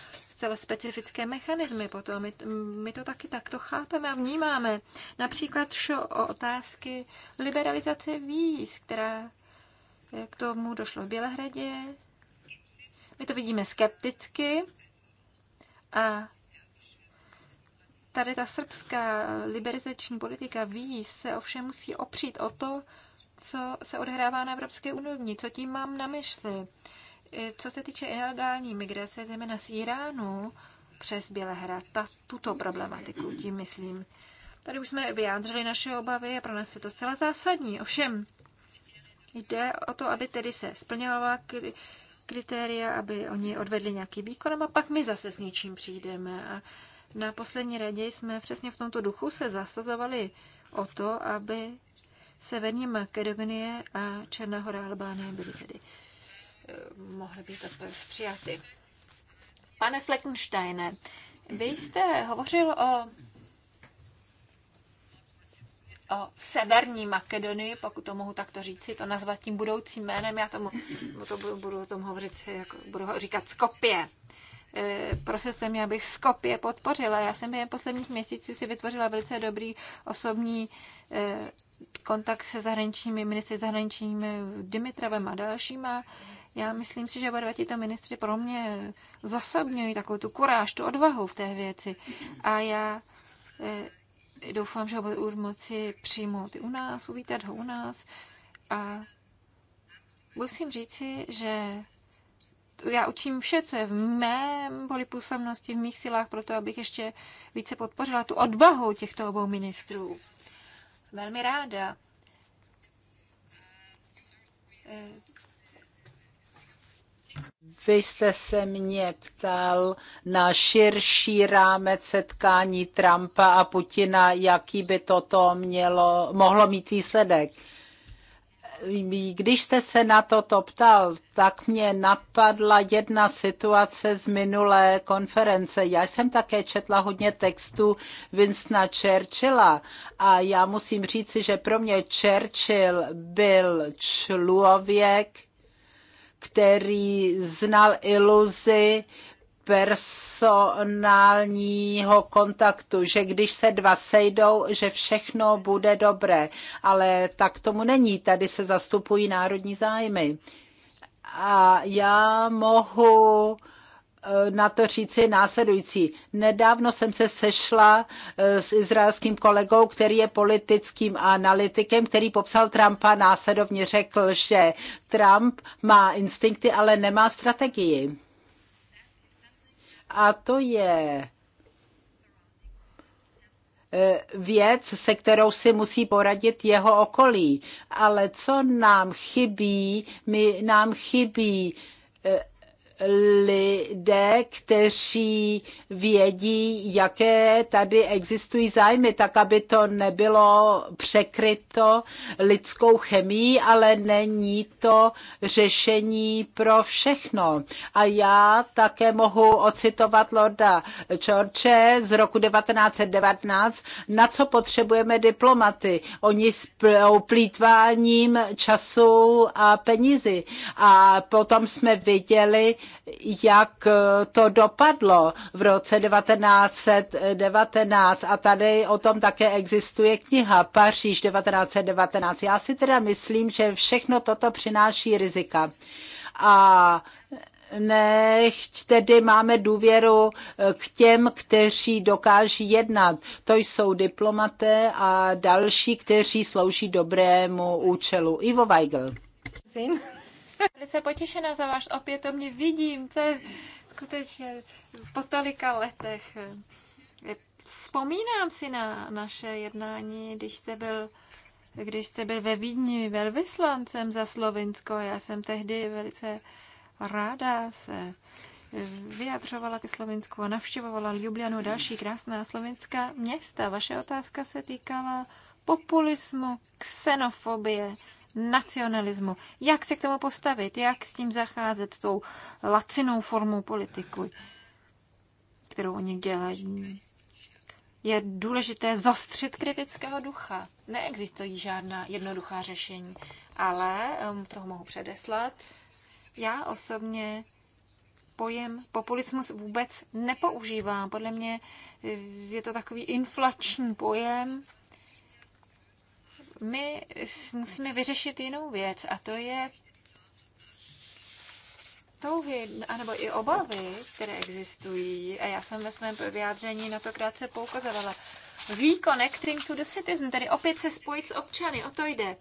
zcela specifické mechanismy potom. My, my to taky takto chápeme a vnímáme. Například šlo o otázky liberalizace víz, která k tomu došlo v Bělehradě. My to vidíme skepticky a tady ta srbská liberizační politika víz se ovšem musí opřít o to, co se odehrává na Evropské unii, co tím mám na mysli. Co se týče ilegální migrace, zejména z Iránu přes Bělehrad, ta, tuto problematiku, tím myslím. Tady už jsme vyjádřili naše obavy a pro nás je to zcela zásadní. Ovšem, jde o to, aby tedy se splňovala kritéria, aby oni odvedli nějaký výkon a pak my zase s něčím přijdeme. A na poslední radě jsme přesně v tomto duchu se zasazovali o to, aby Severní Makedonie a Černá hora Albánie byly tedy mohly být přijaty. Pane Fleckensteine, vy jste hovořil o, o Severní Makedonii, pokud to mohu takto říci, to nazvat tím budoucím jménem, já tomu, to budu, budu o tom hovořit, jako, budu říkat Skopje. E, prosil jsem mě, abych Skopje podpořila. Já jsem během posledních měsíců si vytvořila velice dobrý osobní e, kontakt se zahraničními ministry zahraničními Dimitravem a dalšíma. E, já myslím si, že oba dva tito ministři pro mě zasobňují takovou tu kuráž, tu odvahu v té věci. A já e, doufám, že ho budu moci přijmout i u nás, uvítat ho u nás. A musím říci, že já učím vše, co je v mém poli působnosti, v mých silách, proto abych ještě více podpořila tu odvahu těchto obou ministrů. Velmi ráda. Eh, vy jste se mě ptal na širší rámec setkání Trumpa a Putina, jaký by toto mělo, mohlo mít výsledek. Když jste se na toto ptal, tak mě napadla jedna situace z minulé konference. Já jsem také četla hodně textů Winstona Churchilla a já musím říci, že pro mě Churchill byl člověk, který znal iluzi personálního kontaktu, že když se dva sejdou, že všechno bude dobré. Ale tak tomu není. Tady se zastupují národní zájmy. A já mohu uh, Eh, na to říci následující. Nedávno jsem se sešla eh, s izraelským kolegou, který je politickým analytikem, který popsal Trumpa následovně řekl, že Trump má instinkty, ale nemá strategii. A to je eh, věc, se kterou si musí poradit jeho okolí. Ale co nám chybí? My, nám chybí uh, lidé, kteří vědí, jaké tady existují zájmy, tak aby to nebylo překryto lidskou chemií, ale není to řešení pro všechno. A já také mohu ocitovat Lorda George z roku 1919, na co potřebujeme diplomaty. Oni s plítváním času a penízi. A potom jsme viděli, jak eh, to dopadlo v roce 1919 a tady o tom také existuje kniha Paříž 1919. Já si teda myslím, že všechno toto přináší rizika. A nechť tedy máme důvěru eh, k těm, kteří dokáží jednat. To jsou diplomaté a další, kteří slouží dobrému účelu. Ivo Weigl. Sim. Velice potěšená za váš mě vidím, to je skutečně po tolika letech. Vzpomínám si na naše jednání, když jste byl když jste byl ve Vídni velvyslancem za Slovinsko, já jsem tehdy velice ráda se vyjadřovala ke Slovensku a navštěvovala Ljubljanu další krásná slovenská města. Vaše otázka se týkala populismu, xenofobie nacionalismu. Jak se k tomu postavit, jak s tím zacházet, s tou lacinou formou politiku, kterou oni dělají. Je důležité zostřit kritického ducha. Neexistují žádná jednoduchá řešení, ale um, toho mohu předeslat. Já osobně pojem populismus vůbec nepoužívám. Podle mě eh, je to takový inflační pojem, my musíme vyřešit jinou věc a to je touhy, anebo i obavy, které existují, a já jsem ve svém vyjádření na to krátce poukazovala, reconnecting to the citizen, tedy opět se spojit s občany, o to jde.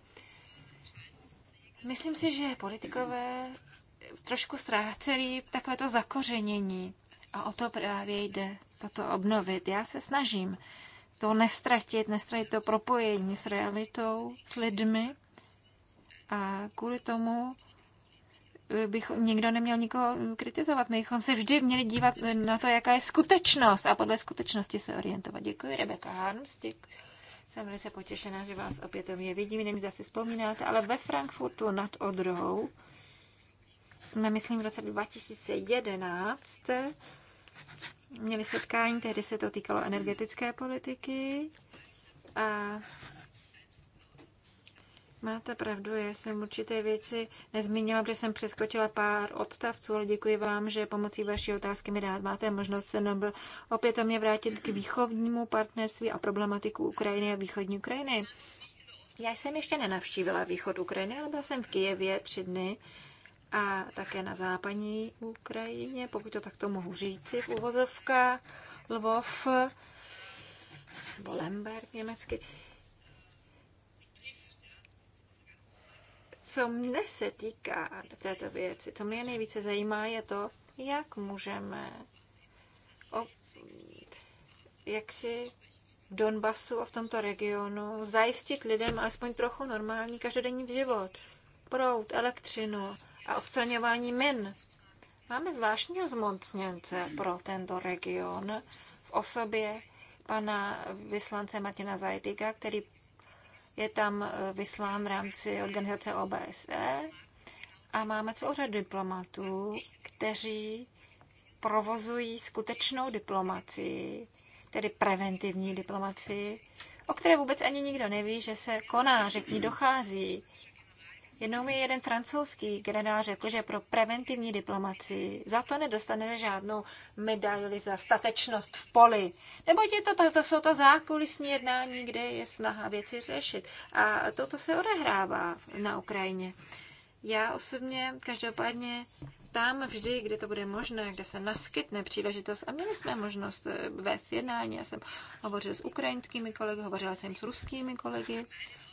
Myslím si, že politikové trošku takové takovéto zakořenění a o to právě jde, toto obnovit. Já se snažím to nestratit, nestratit to propojení s realitou, s lidmi. A kvůli tomu bych nikdo neměl nikoho kritizovat. My bychom se vždy měli dívat na to, jaká je skutečnost a podle skutečnosti se orientovat. Děkuji, Rebeka Harms. Jsem velice potěšená, že vás opětovně vidím. Nevím, zase si vzpomínáte, ale ve Frankfurtu nad Odrou jsme, myslím, v roce 2011 měli setkání, tehdy se to týkalo energetické politiky a Máte pravdu, já jsem určité věci nezmínila, protože jsem přeskočila pár odstavců, ale děkuji vám, že pomocí vaší otázky mi dát máte možnost se nám mě vrátit k východnímu partnerství a problematiku Ukrajiny a východní Ukrajiny. Já jsem ještě nenavštívila východ Ukrajiny, ale byla jsem v Kijevě tři dny a také na západní Ukrajině, pokud to takto mohu říci v uvozovkách, Lvov nebo Lemberg německy. Co mne se týká této věci, co mě nejvíce zajímá, je to, jak můžeme jak si v Donbasu a v tomto regionu zajistit lidem alespoň trochu normální každodenní život. Prout, elektřinu, a odstraňování min. Máme zvláštního zmocněnce pro tento region v osobě pana vyslance Martina Zajtyka, který je tam eh, vyslán v rámci organizace OBSE a máme celou řadu diplomatů, kteří provozují skutečnou diplomaci, tedy preventivní diplomaci, o které vůbec ani nikdo neví, že se koná, že k ní dochází. Jenom mi jeden francouzský generál řekl, že pro preventivní diplomaci za to nedostane žádnou medaili za statečnost v poli. Nebo je to, to, to jsou to zákulisní jednání, kde je snaha věci řešit. A toto se odehrává na Ukrajině. Já osobně každopádně tam vždy, kde to bude možné, kde se naskytne příležitost. A měli jsme možnost eh, vést jednání. Já jsem hovořil s ukrajinskými kolegy, hovořila jsem s ruskými kolegy.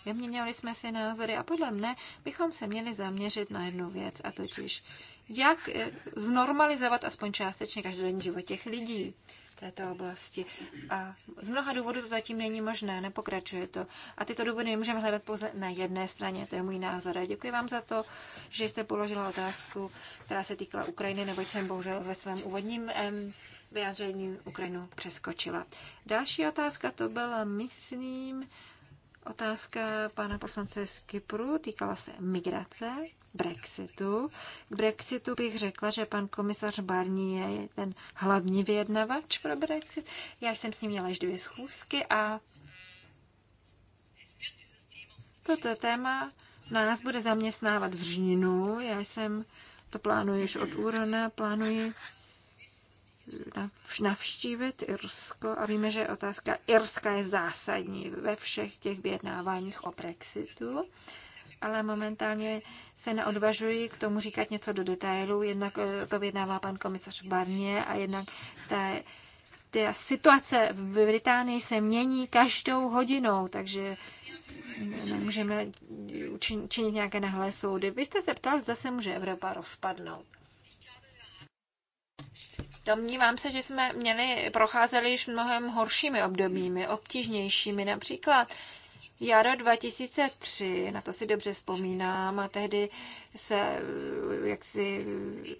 Vyměňovali jsme si názory a podle mne bychom se měli zaměřit na jednu věc, a totiž jak eh, znormalizovat aspoň částečně každodenní život těch lidí této oblasti. A z mnoha důvodů to zatím není možné, nepokračuje to. A tyto důvody můžeme hledat pouze na jedné straně, to je můj názor. A děkuji vám za to, že jste položila otázku, která se týkala Ukrajiny, neboť jsem bohužel ve svém úvodním vyjádření Ukrajinu přeskočila. Další otázka to byla, myslím, Otázka pana poslance z Kypru týkala se migrace, Brexitu. K Brexitu bych řekla, že pan komisař Barnier je ten hlavní vyjednavač pro Brexit. Já jsem s ním měla již dvě schůzky a toto téma nás bude zaměstnávat v říjnu. Já jsem to plánuji už od úrovna, plánuji navštívit Irsko a víme, že otázka Irska je zásadní ve všech těch vyjednáváních o Brexitu, ale momentálně se neodvažuji k tomu říkat něco do detailu, jednak eh, to vyjednává pan komisař Barně a jednak ta, ta situace v Británii se mění každou hodinou, takže nemůžeme činit nějaké nahlé soudy. Vy jste se ptal, zase se může Evropa rozpadnout. Domnívám se, že jsme měli, procházeli již mnohem horšími obdobími, obtížnějšími. Například Jaro 2003, na to si dobře vzpomínám, a tehdy se, jak si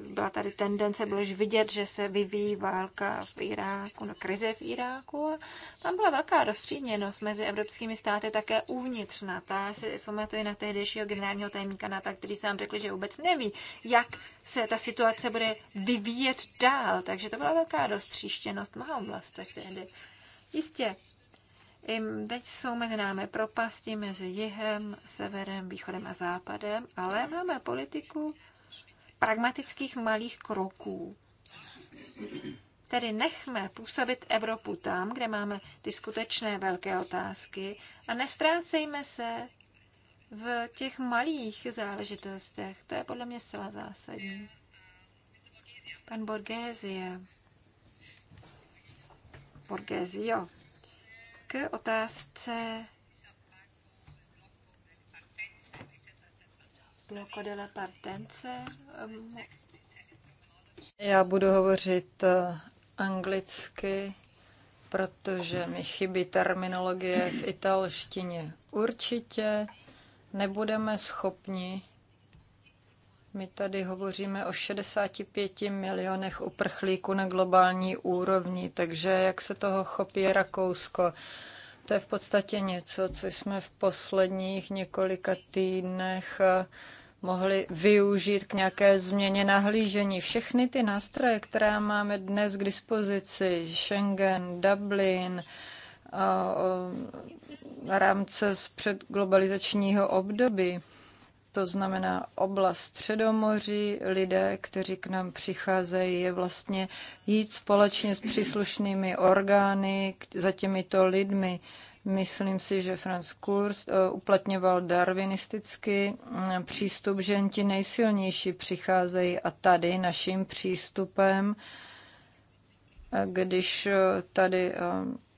byla tady tendence, bylo už vidět, že se vyvíjí válka v Iráku, no krize v Iráku. A tam byla velká rozstříněnost mezi evropskými státy, také uvnitř na. to. Já si pamatuju na tehdejšího generálního tajemníka NATO, který nám řekl, že vůbec neví, jak se ta situace bude vyvíjet dál. Takže to byla velká rozstříštěnost v mnoha oblastech tehdy. Jistě, i teď jsou mezi námi propasti mezi jihem, severem, východem a západem, ale máme politiku pragmatických malých kroků. Tedy nechme působit Evropu tam, kde máme ty skutečné velké otázky a nestrácejme se v těch malých záležitostech. To je podle mě zcela zásadní. Pan Borgésie. Borgésio k otázce Bloco della Partence. Já budu hovořit eh, anglicky, protože mi chybí terminologie v italštině. Určitě nebudeme schopni my tady hovoříme o 65 milionech uprchlíků na globální úrovni, takže jak se toho chopí Rakousko? To je v podstatě něco, co jsme v posledních několika týdnech eh, mohli využít k nějaké změně nahlížení. Všechny ty nástroje, které máme dnes k dispozici, Schengen, Dublin, eh, rámce z předglobalizačního období, to znamená oblast Středomoří, lidé, kteří k nám přicházejí, je vlastně jít společně s příslušnými orgány za těmito lidmi. Myslím si, že Franz Kurz eh, uplatňoval darwinistický mm, přístup, že jen ti nejsilnější přicházejí a tady naším přístupem, eh, když eh, tady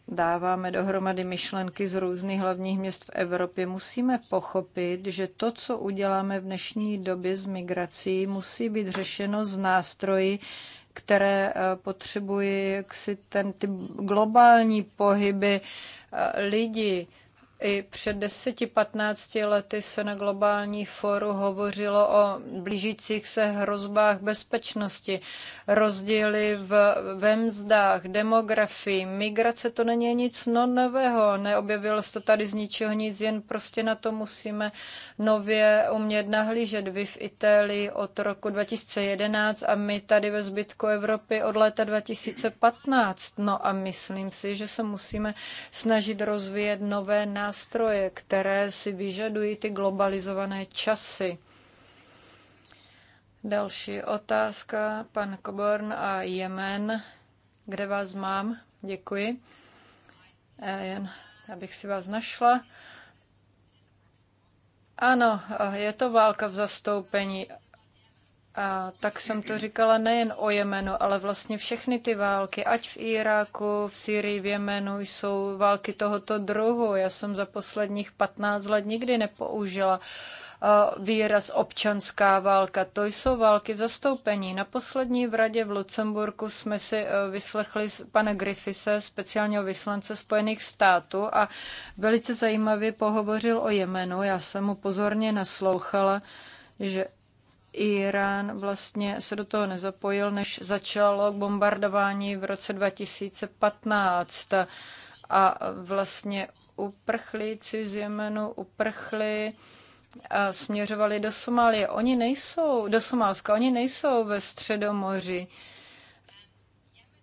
dáváme dohromady myšlenky z různých hlavních měst v Evropě, musíme pochopit, že to, co uděláme v dnešní době s migrací, musí být řešeno z nástroji, které eh, potřebují jaksi ten, ty globální pohyby eh, lidí i před 10-15 lety se na globální fóru hovořilo o blížících se hrozbách bezpečnosti, rozdíly v, ve mzdách, demografii, migrace, to není nic no nového, neobjevilo se to tady z ničeho nic, jen prostě na to musíme nově umět nahlížet. Vy v Itálii od roku 2011 a my tady ve zbytku Evropy od léta 2015. No a myslím si, že se musíme snažit rozvíjet nové nástroje nástroje, které si vyžadují ty globalizované časy. Další otázka, pan Coburn a Jemen. Kde vás mám? Děkuji. E, jen abych si vás našla. Ano, e, je to válka v zastoupení. A tak jsem to říkala nejen o Jemenu, ale vlastně všechny ty války, ať v Iráku, v Syrii, v Jemenu, jsou války tohoto druhu. Já jsem za posledních 15 let nikdy nepoužila výraz občanská válka. To jsou války v zastoupení. Na poslední v radě v Lucemburku jsme si e, vyslechli pana Griffise, speciálního vyslance Spojených států a velice zajímavě pohovořil o Jemenu. Já jsem mu pozorně naslouchala, že Irán vlastně se do toho nezapojil, než začalo bombardování v roce 2015. A vlastně uprchlíci z Jemenu uprchli a směřovali do Somálie. Oni nejsou, do Somálska, oni nejsou ve Středomoři.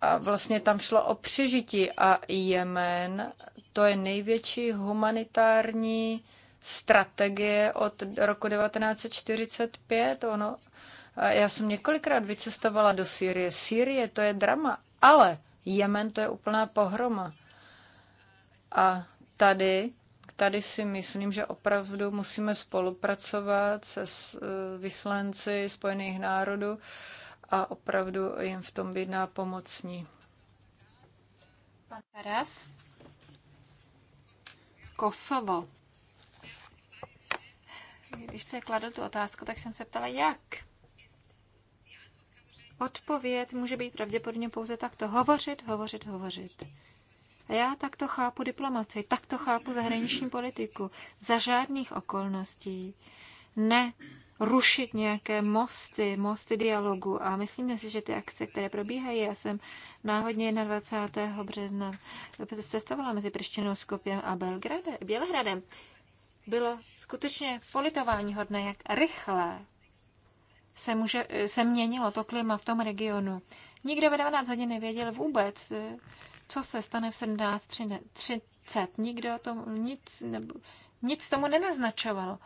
A vlastně tam šlo o přežití. A Jemen, to je největší humanitární strategie od roku 1945. Ono, já jsem několikrát vycestovala do Sýrie. Sýrie to je drama, ale Jemen to je úplná pohroma. A tady, tady si myslím, že opravdu musíme spolupracovat se e, vyslanci Spojených národů a opravdu jim v tom být nápomocní. Pan Karas? Kosovo když se kladl tu otázku, tak jsem se ptala, jak. Odpověď může být pravděpodobně pouze takto. Hovořit, hovořit, hovořit. A já takto chápu diplomaci, takto chápu zahraniční politiku. Za žádných okolností ne rušit nějaké mosty, mosty dialogu. A myslím si, že ty akce, které probíhají, já jsem náhodně 21. března cestovala mezi Prištinou, Skopjem a Belgrade, Bělehradem bylo skutečně politování hodné, jak rychle se, může, se měnilo to klima v tom regionu. Nikdo ve 12 hodin nevěděl vůbec, eh, co se stane v 17.30. Nikdo to nic, nebo, nic tomu nenaznačovalo.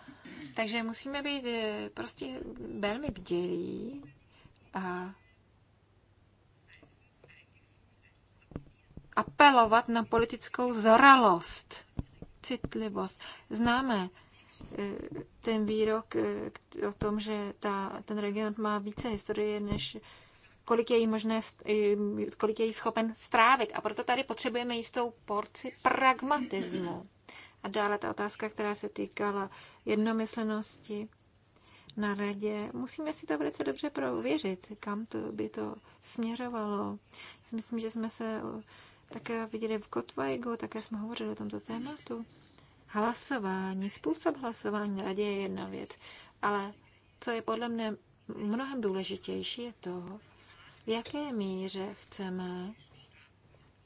Takže musíme být eh, prostě velmi bdělí a apelovat na politickou zoralost citlivost. Známe eh, ten výrok eh, o tom, že ta, ten region má více historie, než kolik je jí možné, kolik je jí schopen strávit. A proto tady potřebujeme jistou porci pragmatismu. A dále ta otázka, která se týkala jednomyslenosti na radě. Musíme si to velice dobře prověřit, kam to by to směřovalo. Já si myslím, že jsme se také viděli v Kotwajgu, také jsme hovořili o tomto tématu. Hlasování, způsob hlasování radě je jedna věc, ale co je podle mě mnohem důležitější, je to, v jaké míře chceme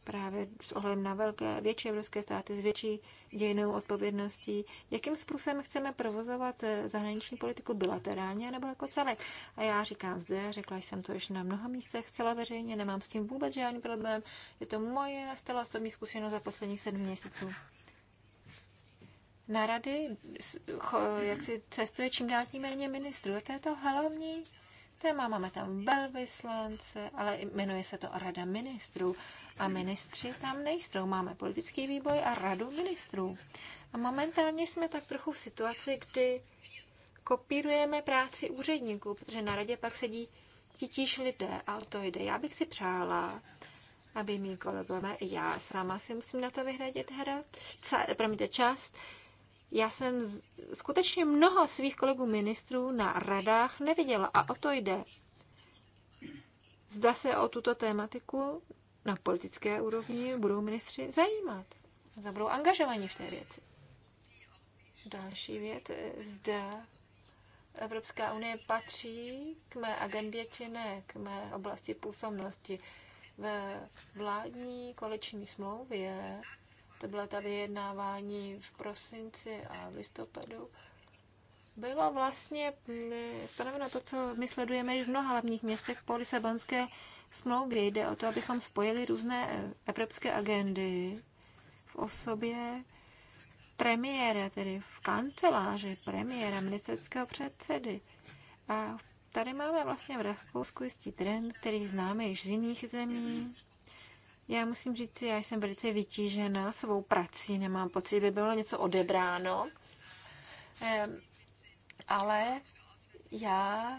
právě s ohledem na velké, větší evropské státy s větší dějnou odpovědností, jakým způsobem chceme provozovat eh, zahraniční politiku bilaterálně nebo jako celek. A já říkám zde, řekla jsem to už na mnoha místech celá veřejně, nemám s tím vůbec žádný problém, je to moje stala osobní zkušenost za poslední sedm měsíců. Na rady, jak si cestuje čím dál tím méně ministrů, to je to hlavní téma. Máme tam velvyslance, ale jmenuje se to Rada ministrů. A ministři tam nejsou. Máme politický výboj a radu ministrů. A momentálně jsme tak trochu v situaci, kdy kopírujeme práci úředníků, protože na radě pak sedí titíž lidé a o to jde. Já bych si přála, aby mý kolegové, já sama si musím na to vyhradit hra, promiňte, část, já jsem skutečně mnoho svých kolegů ministrů na radách neviděla a o to jde. Zda se o tuto tématiku na politické úrovni budou ministři zajímat. Zda budou angažovaní v té věci. Další věc, zda Evropská unie patří k mé agendě či ne, k mé oblasti působnosti. Ve vládní koleční smlouvě to byla ta vyjednávání v prosinci a v listopadu, bylo vlastně mm, stanoveno to, co my sledujeme již v mnoha hlavních městech po Lisabonské smlouvě. Jde o to, abychom spojili různé eh, evropské agendy v osobě premiéra, tedy v kanceláři premiéra, ministerského předsedy. A tady máme vlastně v Rakousku jistý trend, který známe již z jiných zemí. Já musím říct, já jsem velice vytížena svou prací, nemám pocit, by bylo něco odebráno, ale já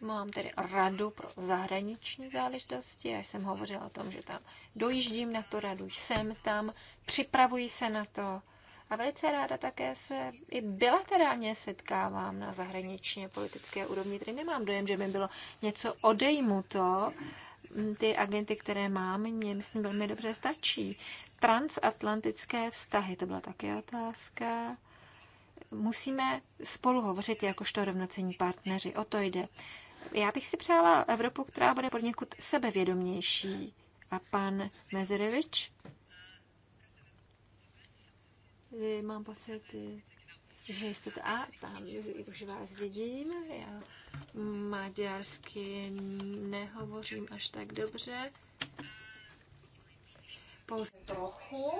Mám tedy radu pro zahraniční záležitosti. Já jsem hovořila o tom, že tam dojíždím na tu radu, jsem tam, připravuji se na to. A velice ráda také se i bilaterálně setkávám na zahraničně politické úrovni, tedy nemám dojem, že by bylo něco odejmuto ty agenty, které máme, mě myslím velmi dobře stačí. Transatlantické vztahy, to byla také otázka. Musíme spolu hovořit jakožto rovnocení partneři, o to jde. Já bych si přála Evropu, která bude poněkud sebevědomější. A pan Mezerevič? Mám pocit, že jste... A tam už vás vidím. Já maďarsky nehovořím až tak dobře. Pouze trochu.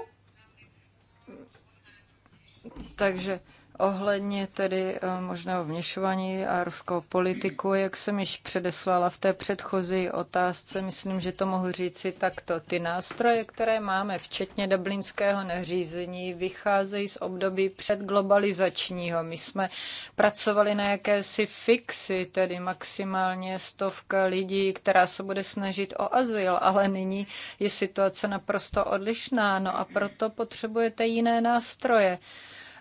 Takže Ohledně tedy eh, možného vněšování a ruskou politiku, jak jsem již předeslala v té předchozí otázce, myslím, že to mohu říci takto. Ty nástroje, které máme, včetně dublinského nařízení, vycházejí z období předglobalizačního. My jsme pracovali na jakési fixy, tedy maximálně stovka lidí, která se bude snažit o azyl, ale nyní je situace naprosto odlišná, no a proto potřebujete jiné nástroje.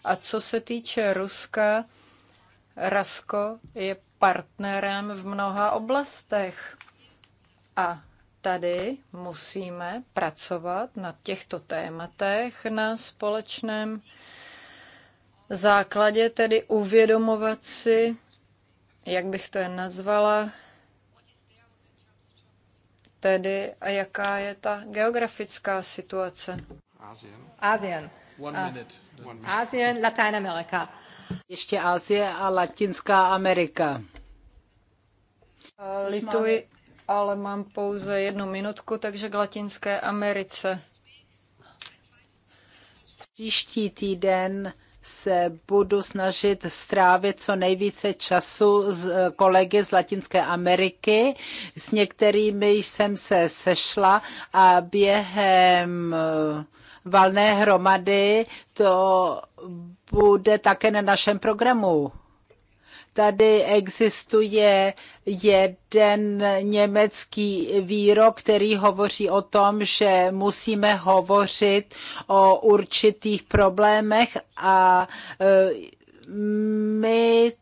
A co se týče Ruska, Rasko je partnerem v mnoha oblastech. A tady musíme pracovat na těchto tématech na společném základě, tedy uvědomovat si, jak bych to je nazvala, tedy a jaká je ta geografická situace. ASEAN. ASEAN. One minute. Asie, Latin Ještě Asie a Latinská Amerika. Lituji, ale mám pouze jednu minutku, takže k Latinské Americe. Příští týden se budu snažit strávit co nejvíce času s eh, kolegy z Latinské Ameriky. S některými jsem se sešla a během uh, valné hromady, to bude také na našem programu. Tady existuje jeden německý výrok, který hovoří o tom, že musíme hovořit o určitých problémech a e, my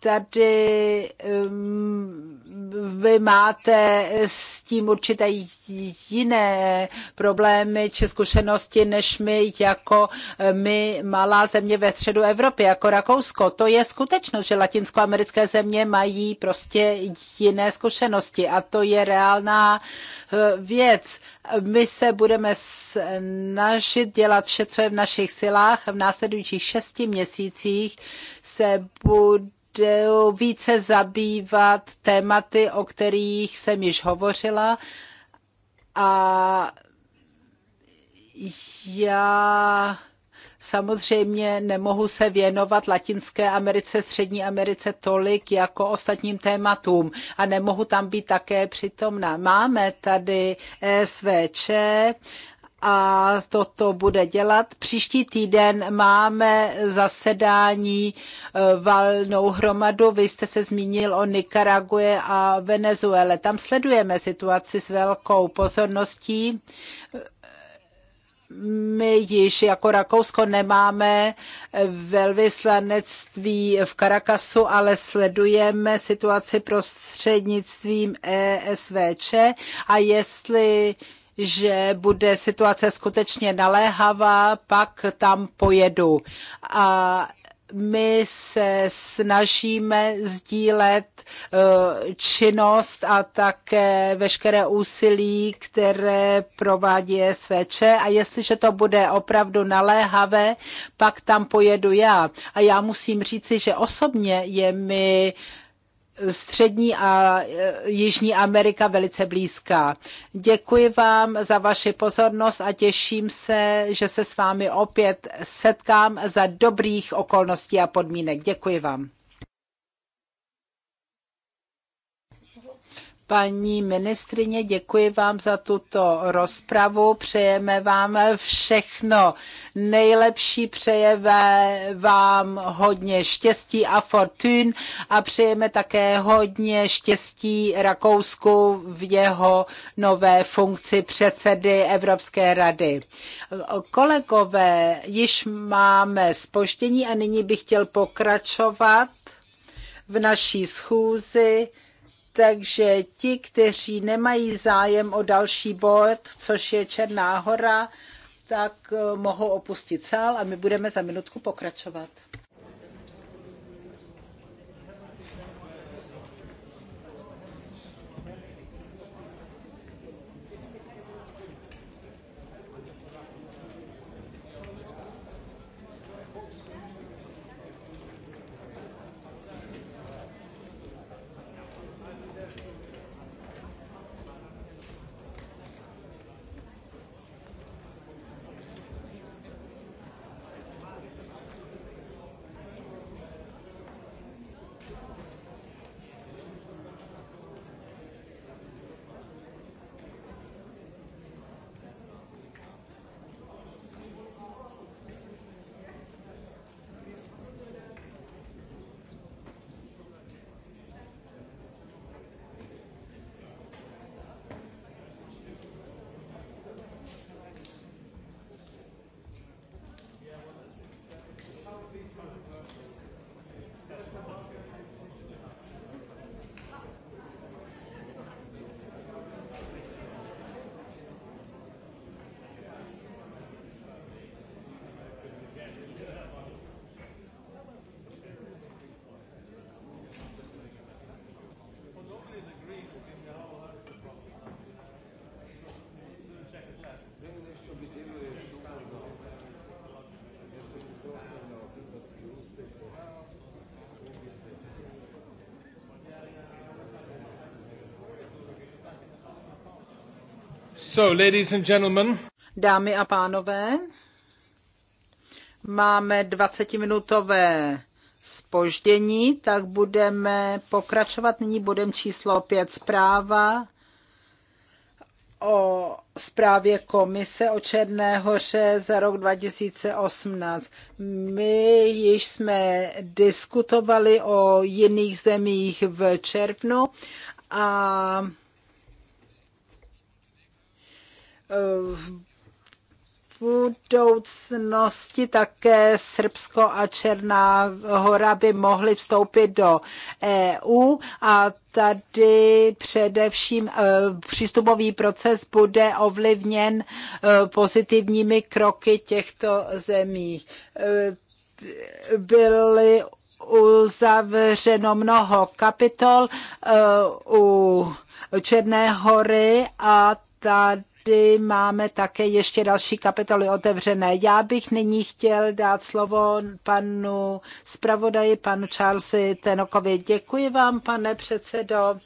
tady um, vy máte s tím určité jiné problémy či zkušenosti než my jako eh, my malá země ve středu Evropy, jako Rakousko. To je skutečnost, že latinskoamerické země mají prostě jiné zkušenosti a to je reálná eh, věc. My se budeme snažit dělat vše, co je v našich silách. V následujících šesti měsících se budeme více zabývat tématy, o kterých jsem již hovořila. A já samozřejmě nemohu se věnovat Latinské Americe, Střední Americe tolik jako ostatním tématům a nemohu tam být také přitomná. Máme tady SVČ a toto bude dělat. Příští týden máme zasedání e, valnou hromadu. Vy jste se zmínil o Nikarague a Venezuele. Tam sledujeme situaci s velkou pozorností my již jako Rakousko nemáme velvyslanectví v Karakasu, ale sledujeme situaci prostřednictvím ESVČ a jestli že bude situace skutečně naléhavá, pak tam pojedu. A my se snažíme sdílet eh, činnost a také veškeré úsilí, které provádí SVČ a jestliže to bude opravdu naléhavé, pak tam pojedu já. A já musím říci, že osobně je mi uh, Střední a e, Jižní Amerika velice blízká. Děkuji vám za vaši pozornost a těším se, že se s vámi opět setkám za dobrých okolností a podmínek. Děkuji vám. Paní ministrině, děkuji vám za tuto rozpravu. Přejeme vám všechno nejlepší, přejeme vám hodně štěstí a fortun a přejeme také hodně štěstí Rakousku v jeho nové funkci předsedy Evropské rady. Kolegové, již máme spoždění a nyní bych chtěl pokračovat v naší schůzi takže ti, kteří nemají zájem o další bod, což je Černá hora, tak eh, mohou opustit sál a my budeme za minutku pokračovat. So, ladies and gentlemen. Dámy a pánové, máme 20-minutové spoždění, tak budeme pokračovat nyní bodem číslo 5 zpráva o zprávě komise o Černé hoře za rok 2018. My již jsme diskutovali o jiných zemích v červnu a v budoucnosti také Srbsko a Černá hora by mohly vstoupit do EU a tady především e, přístupový proces bude ovlivněn e, pozitivními kroky těchto zemí. E, byly uzavřeno mnoho kapitol u Černé hory a tady kdy máme také ještě další kapitoly otevřené. Já bych nyní chtěl dát slovo panu zpravodaji, panu Charlesi Tenokovi. Děkuji vám, pane předsedo.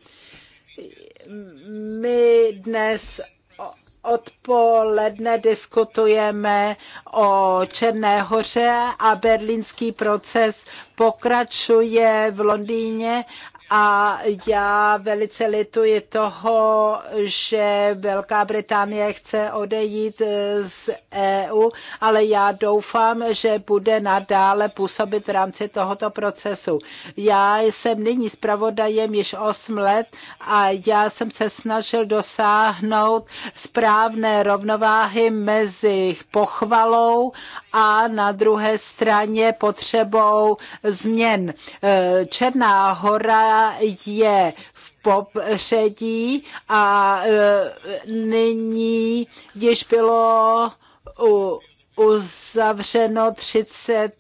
My dnes odpoledne diskutujeme o Černé hoře a berlínský proces pokračuje v Londýně a já velice lituji toho, že Velká Británie chce odejít eh, z EU, ale já doufám, že bude nadále působit v rámci tohoto procesu. Já jsem nyní zpravodajem již 8 let a já jsem se snažil dosáhnout správné rovnováhy mezi pochvalou a na druhé straně potřebou změn. Eh, Černá hora je v popředí a e, nyní již bylo uzavřeno 30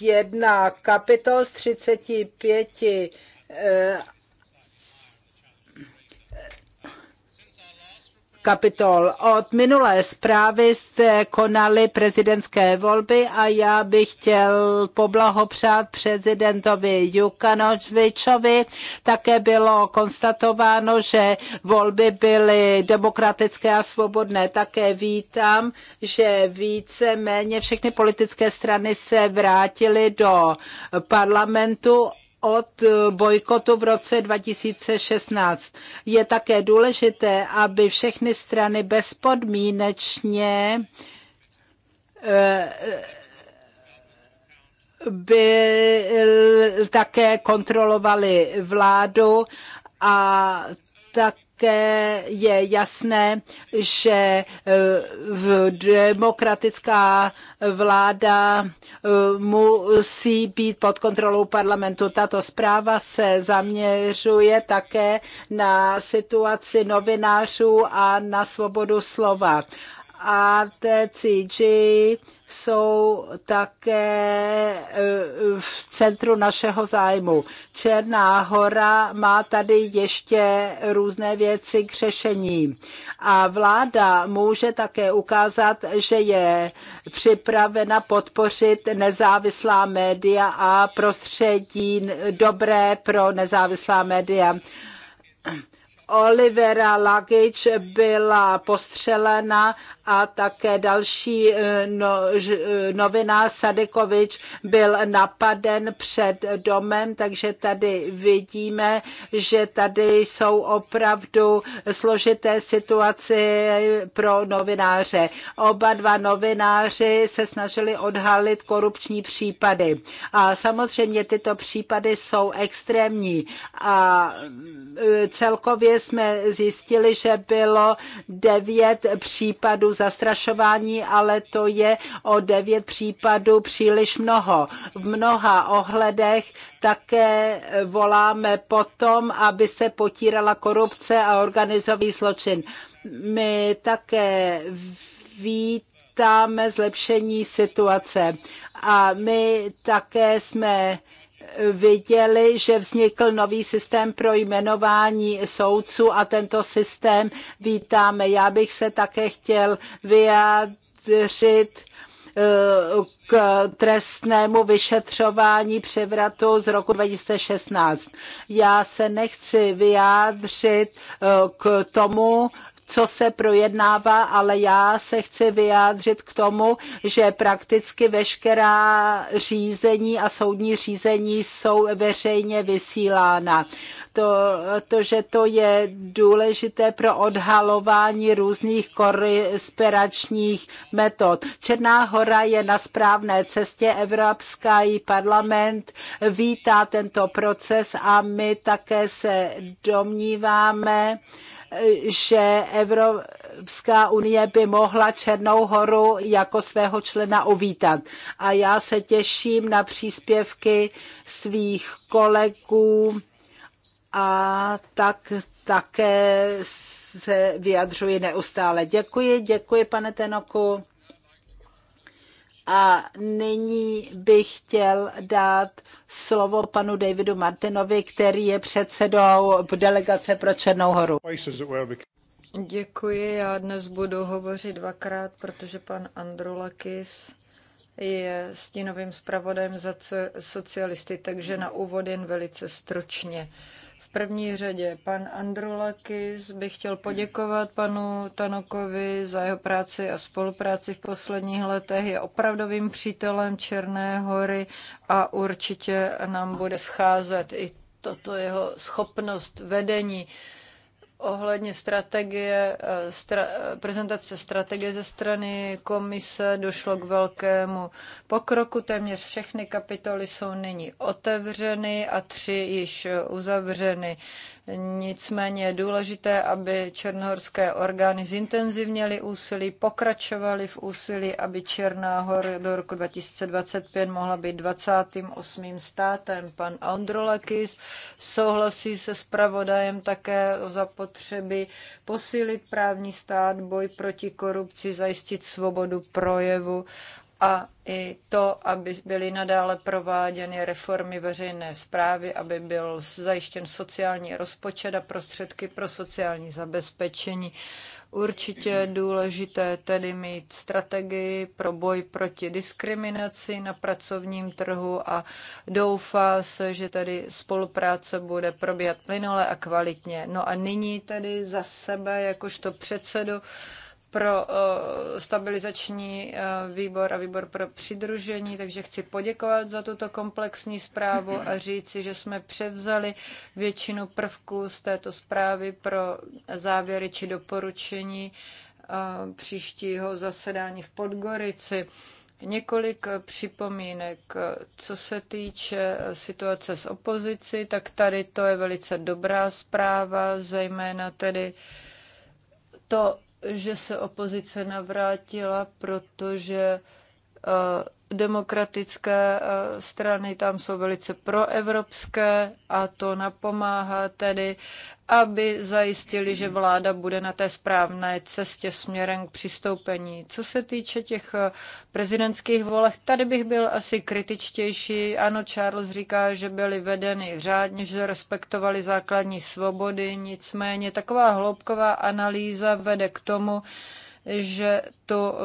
jedna kapitol z 35 kapitol. Od minulé zprávy jste konali prezidentské volby a já bych chtěl poblahopřát prezidentovi Jukanovičovi. Také bylo konstatováno, že volby byly demokratické a svobodné. Také vítám, že více méně všechny politické strany se vrátily do parlamentu od eh, bojkotu v roce 2016. Je také důležité, aby všechny strany bezpodmínečně eh, byl, také kontrolovali vládu a tak také je jasné, že eh, v demokratická vláda eh, musí být pod kontrolou parlamentu. Tato zpráva se zaměřuje také na situaci novinářů a na svobodu slova a TCG jsou také e, v centru našeho zájmu. Černá hora má tady ještě různé věci k řešení. A vláda může také ukázat, že je připravena podpořit nezávislá média a prostředí dobré pro nezávislá média. Olivera Lagič byla postřelena a také další eh, no, eh, novinář Sadekovič byl napaden před domem, takže tady vidíme, že tady jsou opravdu složité situace pro novináře. Oba dva novináři se snažili odhalit korupční případy. A samozřejmě tyto případy jsou extrémní. A eh, celkově jsme zjistili, že bylo devět případů zastrašování, ale to je o devět případů příliš mnoho. V mnoha ohledech také voláme potom, aby se potírala korupce a organizový zločin. My také vítáme zlepšení situace a my také jsme viděli, že vznikl nový systém pro jmenování soudců a tento systém vítáme. Já bych se také chtěl vyjádřit eh, k trestnému vyšetřování převratu z roku 2016. Já se nechci vyjádřit eh, k tomu, co se projednává, ale já se chci vyjádřit k tomu, že prakticky veškerá řízení a soudní řízení jsou veřejně vysílána. To, to že to je důležité pro odhalování různých koresperančních metod. Černá hora je na správné cestě, Evropský parlament vítá tento proces a my také se domníváme, že Evropská unie by mohla Černou horu jako svého člena uvítat. A já se těším na příspěvky svých kolegů a tak také se vyjadřuji neustále. Děkuji, děkuji, pane Tenoku. A nyní bych chtěl dát slovo panu Davidu Martinovi, který je předsedou delegace pro Černou horu. Děkuji, já dnes budu hovořit dvakrát, protože pan Androlakis je stínovým zpravodajem za socialisty, takže na úvod jen velice stručně první řadě pan Andrulakis bych chtěl poděkovat panu Tanokovi za jeho práci a spolupráci v posledních letech. Je opravdovým přítelem Černé hory a určitě nám bude scházet i toto jeho schopnost vedení ohledně strategie, eh, stra, eh, prezentace strategie ze strany komise došlo k velkému pokroku. Téměř všechny kapitoly jsou nyní otevřeny a tři již uzavřeny. Nicméně je důležité, aby černohorské orgány zintenzivněly úsilí, pokračovaly v úsilí, aby Černá hora do roku 2025 mohla být 28. státem. Pan Androlakis souhlasí se spravodajem také o zapotřebí posílit právní stát, boj proti korupci, zajistit svobodu projevu a i to, aby byly nadále prováděny reformy veřejné zprávy, aby byl zajištěn sociální rozpočet a prostředky pro sociální zabezpečení. Určitě je důležité tedy mít strategii pro boj proti diskriminaci na pracovním trhu a doufá se, že tedy spolupráce bude probíhat plynule a kvalitně. No a nyní tedy za sebe, jakožto předsedu pro eh, stabilizační eh, výbor a výbor pro přidružení, takže chci poděkovat za tuto komplexní zprávu a říci, že jsme převzali většinu prvků z této zprávy pro závěry či doporučení eh, příštího zasedání v Podgorici. Několik připomínek. Co se týče situace s opozicí, tak tady to je velice dobrá zpráva, zejména tedy to, že se opozice navrátila, protože Eh, demokratické eh, strany tam jsou velice proevropské a to napomáhá tedy, aby zajistili, že vláda bude na té správné cestě směrem k přistoupení. Co se týče těch eh, prezidentských volech, tady bych byl asi kritičtější. Ano, Charles říká, že byly vedeny řádně, že respektovali základní svobody, nicméně taková hloubková analýza vede k tomu, že to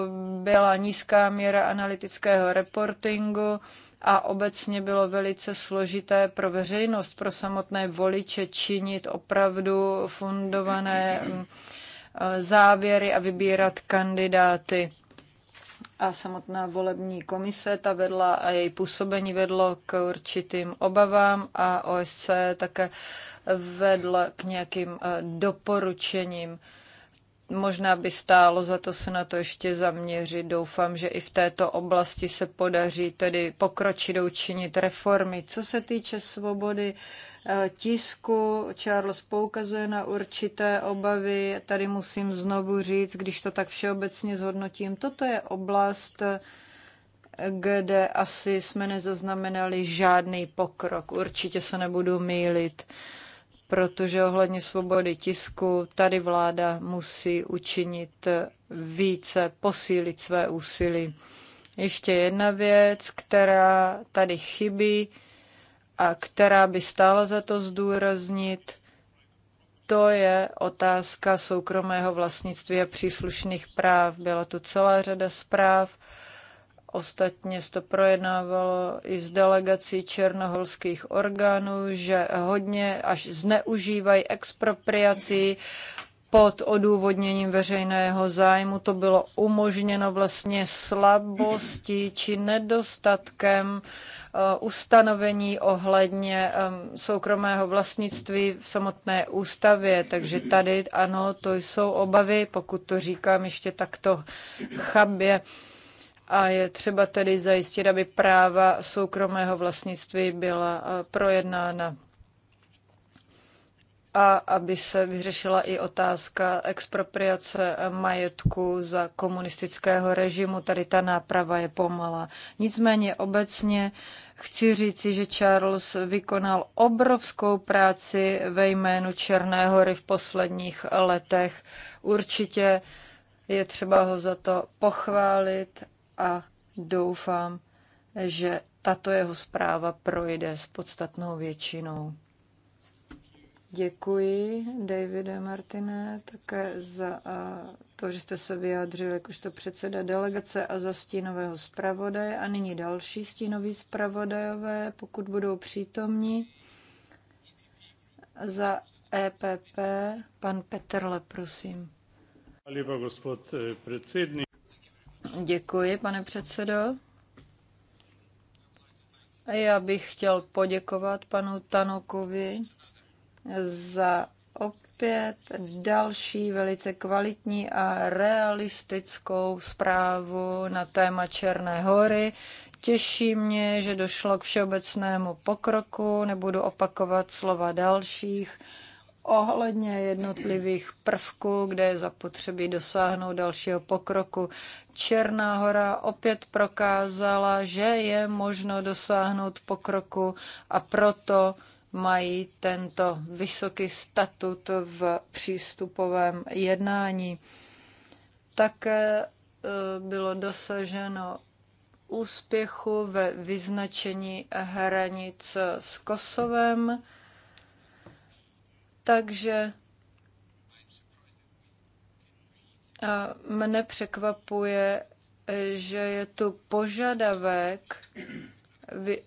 byla nízká míra analytického reportingu a obecně bylo velice složité pro veřejnost, pro samotné voliče činit opravdu fundované mm, závěry a vybírat kandidáty. A samotná volební komise, ta vedla a její působení vedlo k určitým obavám a OSC také vedla k nějakým eh, doporučením možná by stálo za to se na to ještě zaměřit. Doufám, že i v této oblasti se podaří tedy pokročit, učinit reformy. Co se týče svobody eh, tisku, Charles poukazuje na určité obavy. Tady musím znovu říct, když to tak všeobecně zhodnotím, toto je oblast, eh, kde asi jsme nezaznamenali žádný pokrok. Určitě se nebudu mýlit protože ohledně svobody tisku tady vláda musí učinit více, posílit své úsilí. Ještě jedna věc, která tady chybí a která by stála za to zdůraznit, to je otázka soukromého vlastnictví a příslušných práv. Byla tu celá řada zpráv, Ostatně se to projednávalo i s delegací černoholských orgánů, že hodně až zneužívají expropriací pod odůvodněním veřejného zájmu. To bylo umožněno vlastně slabostí či nedostatkem eh, ustanovení ohledně soukromého vlastnictví v samotné ústavě. Takže tady ano, to jsou obavy, pokud to říkám ještě takto chabě a je třeba tedy zajistit, aby práva soukromého vlastnictví byla projednána a aby se vyřešila i otázka expropriace majetku za komunistického režimu. Tady ta náprava je pomalá. Nicméně obecně chci říci, že Charles vykonal obrovskou práci ve jménu Černé hory v posledních letech. Určitě je třeba ho za to pochválit a doufám, že tato jeho zpráva projde s podstatnou většinou. Děkuji, Davide Martine, také za to, že jste se vyjádřil jakožto předseda delegace a za stínového zpravodaje. A nyní další stínoví zpravodajové, pokud budou přítomní. Za EPP, pan Petrle, prosím. Děkuji lepa, gospod eh, predsednik. Děkuji, pane předsedo. Já bych chtěl poděkovat panu Tanokovi za opět další velice kvalitní a realistickou zprávu na téma Černé hory. Těší mě, že došlo k všeobecnému pokroku, nebudu opakovat slova dalších ohledně jednotlivých prvků, kde je zapotřebí dosáhnout dalšího pokroku. Černá hora opět prokázala, že je možno dosáhnout pokroku a proto mají tento vysoký statut v přístupovém jednání. Také e, bylo dosaženo úspěchu ve vyznačení hranic s Kosovem takže mne překvapuje, že je tu požadavek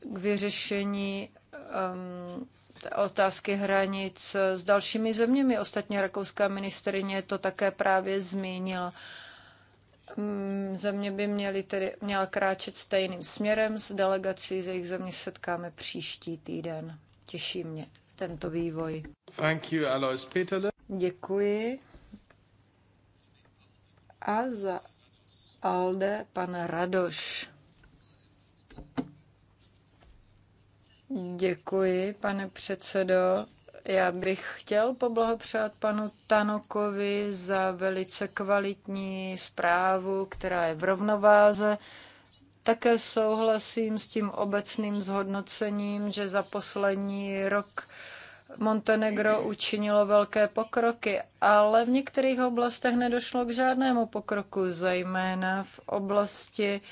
k vyřešení um, otázky hranic s dalšími zeměmi. Ostatně rakouská ministrině to také právě zmínila. Mm, země by měly tedy, měla kráčet stejným směrem. S delegací z jejich země setkáme příští týden. Těší mě tento vývoj. Thank you, Alois Peterle. Děkuji. A za Alde pan Radoš. Děkuji, pane předsedo. Já bych chtěl poblahopřát panu Tanokovi za velice kvalitní zprávu, která je v rovnováze také souhlasím s tím obecným zhodnocením, že za poslední rok Montenegro učinilo velké pokroky, ale v některých oblastech nedošlo k žádnému pokroku, zejména v oblasti uh,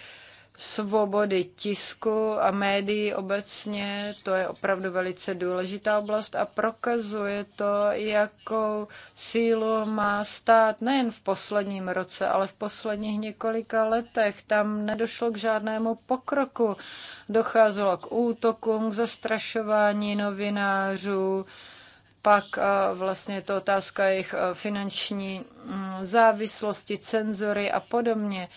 svobody tisku a médií obecně, to je opravdu velice důležitá oblast a prokazuje to, jakou sílu má stát nejen v posledním roce, ale v posledních několika letech. Tam nedošlo k žádnému pokroku. Docházelo k útokům, k zastrašování novinářů, pak vlastně je to otázka jejich finanční mm, závislosti, cenzory a podobně.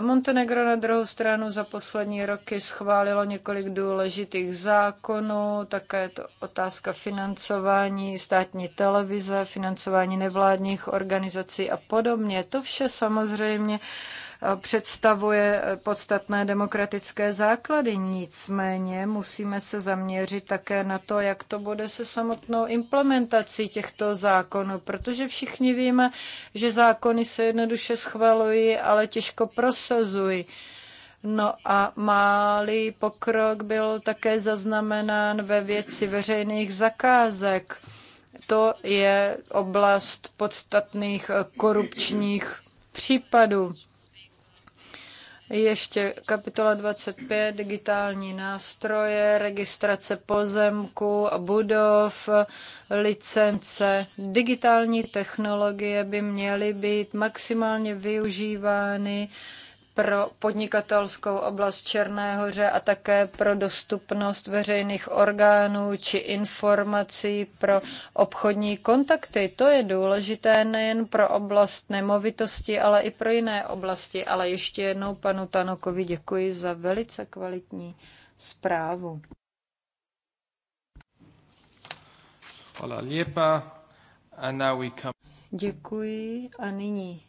Montenegro na druhou stranu za poslední roky schválilo několik důležitých zákonů, také je to otázka financování státní televize, financování nevládních organizací a podobně. To vše samozřejmě představuje podstatné demokratické základy. Nicméně musíme se zaměřit také na to, jak to bude se samotnou implementací těchto zákonů, protože všichni víme, že zákony se jednoduše schvalují, ale těžko prosazují. No a malý pokrok byl také zaznamenán ve věci veřejných zakázek. To je oblast podstatných korupčních případů. Ještě kapitola 25, digitální nástroje, registrace pozemků a budov, licence. Digitální technologie by měly být maximálně využívány pro podnikatelskou oblast Černé hoře a také pro dostupnost veřejných orgánů či informací pro obchodní kontakty. To je důležité nejen pro oblast nemovitosti, ale i pro jiné oblasti. Ale ještě jednou panu Tanokovi děkuji za velice kvalitní zprávu. Děkuji a nyní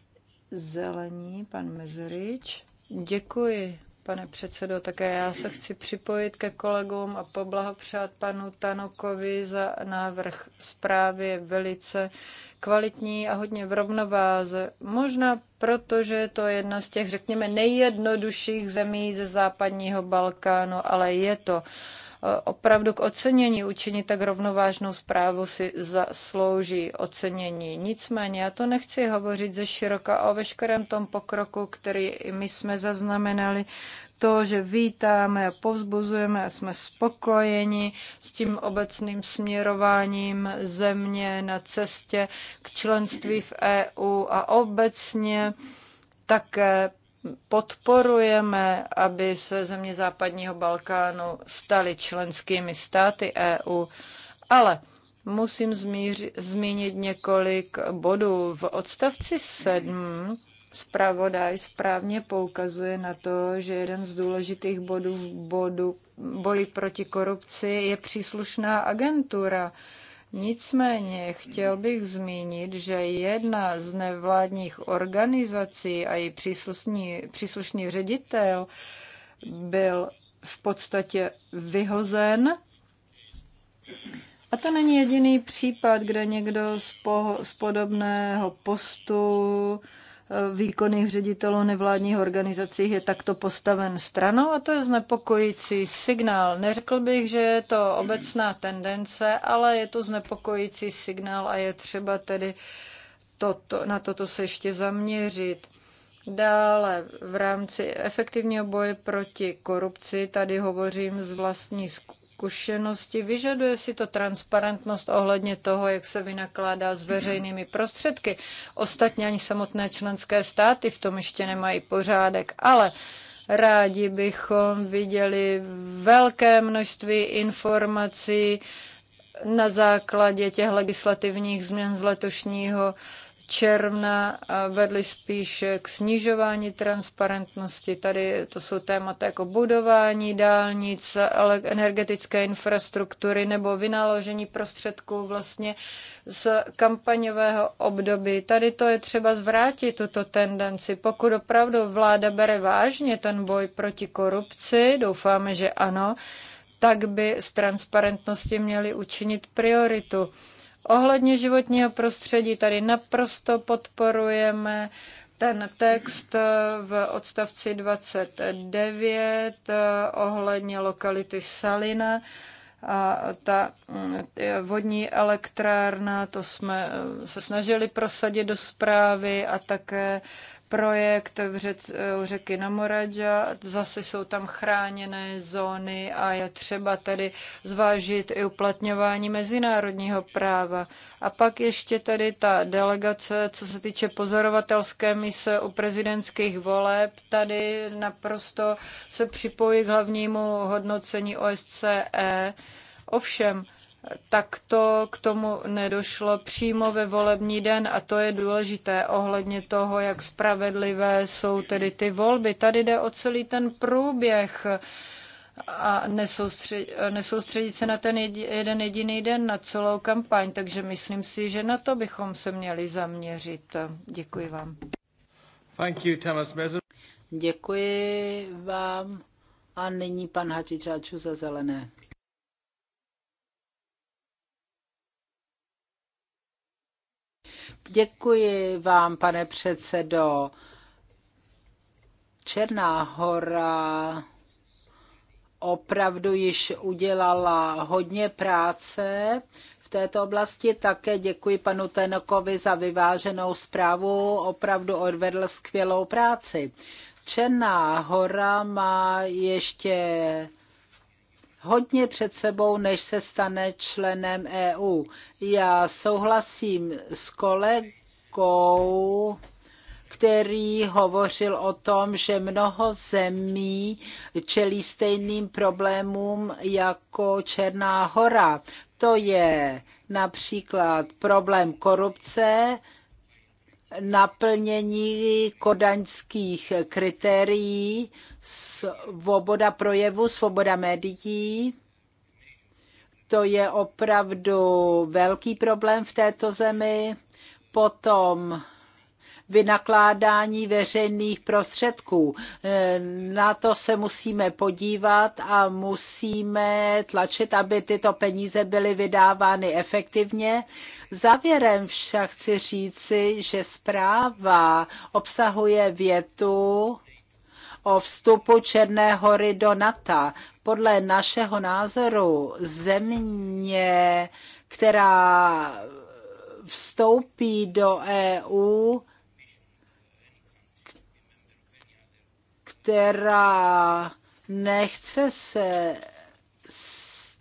zelení, pan Mezerič. Děkuji, pane předsedo. Také já se chci připojit ke kolegům a poblahopřát panu Tanokovi za návrh zprávy. Je velice kvalitní a hodně v rovnováze. Možná proto, že je to jedna z těch, řekněme, nejjednodušších zemí ze západního Balkánu, ale je to opravdu k ocenění učinit tak rovnovážnou zprávu si zaslouží ocenění. Nicméně já to nechci hovořit ze široka o veškerém tom pokroku, který my jsme zaznamenali to, že vítáme a povzbuzujeme a jsme spokojeni s tím obecným směrováním země na cestě k členství v EU a obecně také podporujeme, aby se země západního Balkánu staly členskými státy EU, ale musím zmíři, zmínit několik bodů. V odstavci 7 zpravodaj správně poukazuje na to, že jeden z důležitých bodů v bodu boji proti korupci je příslušná agentura. Nicméně chtěl bych zmínit, že jedna z nevládních organizací a její příslušný, příslušný ředitel byl v podstatě vyhozen. A to není jediný případ, kde někdo z, po, z podobného postu výkonných ředitelů nevládních organizací je takto postaven stranou a to je znepokojící signál. Neřekl bych, že je to obecná tendence, ale je to znepokojící signál a je třeba tedy toto, na toto se ještě zaměřit. Dále v rámci efektivního boje proti korupci, tady hovořím z vlastní zkušenosti, zkušenosti. Vyžaduje si to transparentnost ohledně toho, jak se vynakládá s veřejnými prostředky. Ostatně ani samotné členské státy v tom ještě nemají pořádek, ale rádi bychom viděli velké množství informací na základě těch legislativních změn z letošního června vedly spíše k snižování transparentnosti. Tady to jsou témata jako budování dálnic, energetické infrastruktury nebo vynaložení prostředků vlastně z kampaňového období. Tady to je třeba zvrátit, tuto tendenci. Pokud opravdu vláda bere vážně ten boj proti korupci, doufáme, že ano, tak by z transparentnosti měli učinit prioritu. Ohledně životního prostředí tady naprosto podporujeme ten text v odstavci 29 eh, ohledně lokality Salina a ta mm, eh, vodní elektrárna, to jsme eh, se snažili prosadit do zprávy a také projekt v řec, u řeky Namoradža. Zase jsou tam chráněné zóny a je třeba tady zvážit i uplatňování mezinárodního práva. A pak ještě tady ta delegace, co se týče pozorovatelské mise u prezidentských voleb. Tady naprosto se připojí k hlavnímu hodnocení OSCE. Ovšem, tak to k tomu nedošlo přímo ve volební den a to je důležité ohledně toho, jak spravedlivé jsou tedy ty volby. Tady jde o celý ten průběh a nesoustředit, nesoustředit se na ten jeden jediný den, na celou kampaň. Takže myslím si, že na to bychom se měli zaměřit. Děkuji vám. Thank you, Thomas Děkuji vám. A nyní pan Hatičáču za zelené. Děkuji vám, pane předsedo. Černá hora opravdu již udělala hodně práce v této oblasti. Také děkuji panu Tenokovi za vyváženou zprávu, opravdu odvedl skvělou práci. Černá hora má ještě hodně před sebou, než se stane členem EU. Já souhlasím s kolegou, který hovořil o tom, že mnoho zemí čelí stejným problémům jako Černá hora. To je například problém korupce, naplnění kodaňských kritérií, svoboda projevu, svoboda médií. To je opravdu velký problém v této zemi. Potom vynakládání veřejných prostředků. E, na to se musíme podívat a musíme tlačit, aby tyto peníze byly vydávány efektivně. Závěrem však chci říci, že zpráva obsahuje větu, o vstupu Černé hory do NATO. Podle našeho názoru země, která vstoupí do EU, která nechce se,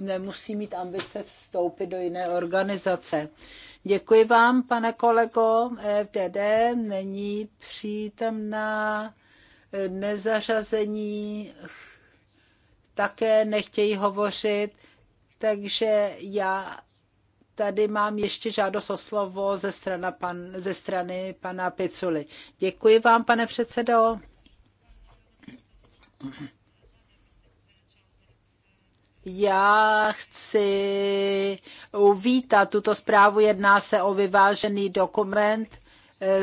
nemusí mít ambice vstoupit do jiné organizace. Děkuji vám, pane kolego FDD, není přítomná eh, nezařazení, také nechtějí hovořit, takže já tady mám ještě žádost o slovo ze, pan, ze strany pana Piculi. Děkuji vám, pane předsedo. Já chci uvítat tuto zprávu, jedná se o vyvážený dokument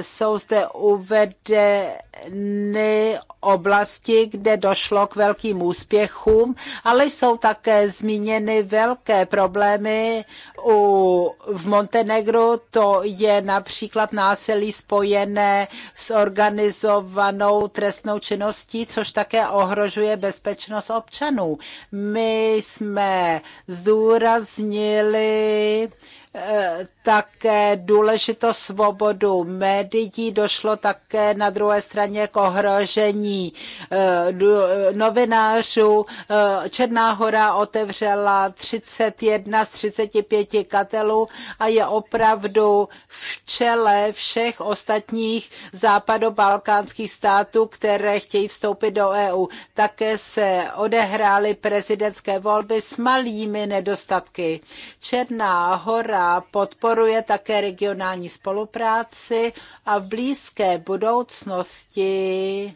jsou zde uvedeny oblasti, kde došlo k velkým úspěchům, ale jsou také zmíněny velké problémy u, v Montenegru. To je například násilí spojené s organizovanou trestnou činností, což také ohrožuje bezpečnost občanů. My jsme zdůraznili eh, také důležitost svobodu médií, došlo také na druhé straně k ohrožení eh, eh, novinářů. Eh, Černá hora otevřela 31 z 35 katelů a je opravdu v čele všech ostatních západobalkánských států, které chtějí vstoupit do EU. Také se odehrály prezidentské volby s malými nedostatky. Černá hora podporuje podporuje také regionální spolupráci a v blízké budoucnosti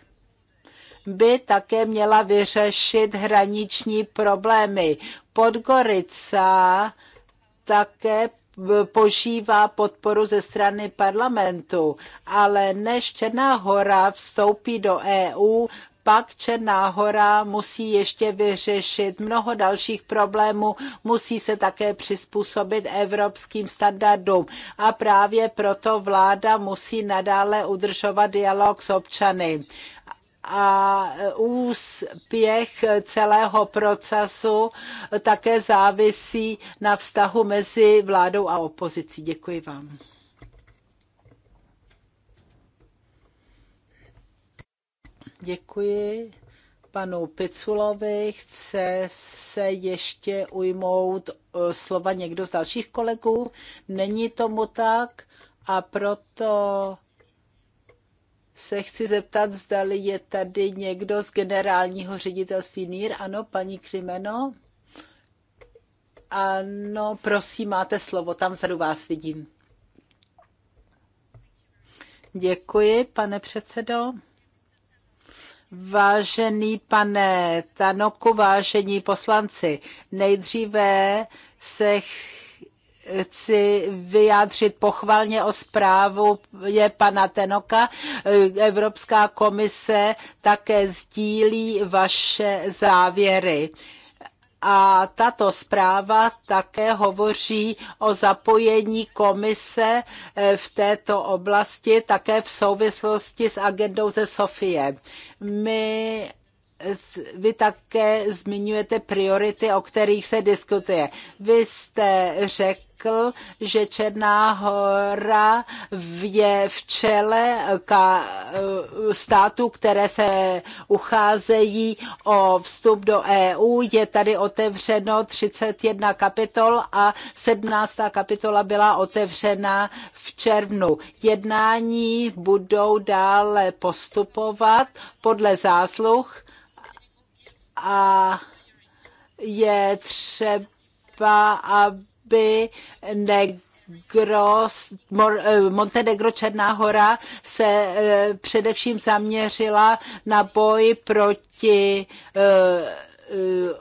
by také měla vyřešit hraniční problémy. Podgorica také požívá podporu ze strany parlamentu, ale než Černá hora vstoupí do EU, pak Černá hora musí ještě vyřešit mnoho dalších problémů, musí se také přizpůsobit evropským standardům a právě proto vláda musí nadále udržovat dialog s občany a úspěch celého procesu také závisí na vztahu mezi vládou a opozicí. Děkuji vám. Děkuji panu Piculovi. Chce se ještě ujmout eh, slova někdo z dalších kolegů? Není tomu tak a proto se chci zeptat, zdali je tady někdo z generálního ředitelství NIR. Ano, paní Krimeno? Ano, prosím, máte slovo, tam vzadu vás vidím. Děkuji, pane předsedo. Vážený pane Tanoku, vážení poslanci, nejdříve se chci vyjádřit pochvalně o zprávu je pana Tenoka. Evropská komise také sdílí vaše závěry. A tato zpráva také hovoří o zapojení komise eh, v této oblasti, také v souvislosti s agendou ze Sofie. My eh, vy také zmiňujete priority, o kterých se diskutuje. Vy jste řekl, řekl, že Černá hora je v čele eh, států, které se ucházejí o vstup do EU. Je tady otevřeno 31 kapitol a 17. kapitola byla otevřena v červnu. Jednání budou dále postupovat podle zásluh a je třeba, aby by neg- eh, Montenegro Černá hora se eh, především zaměřila na boj proti eh,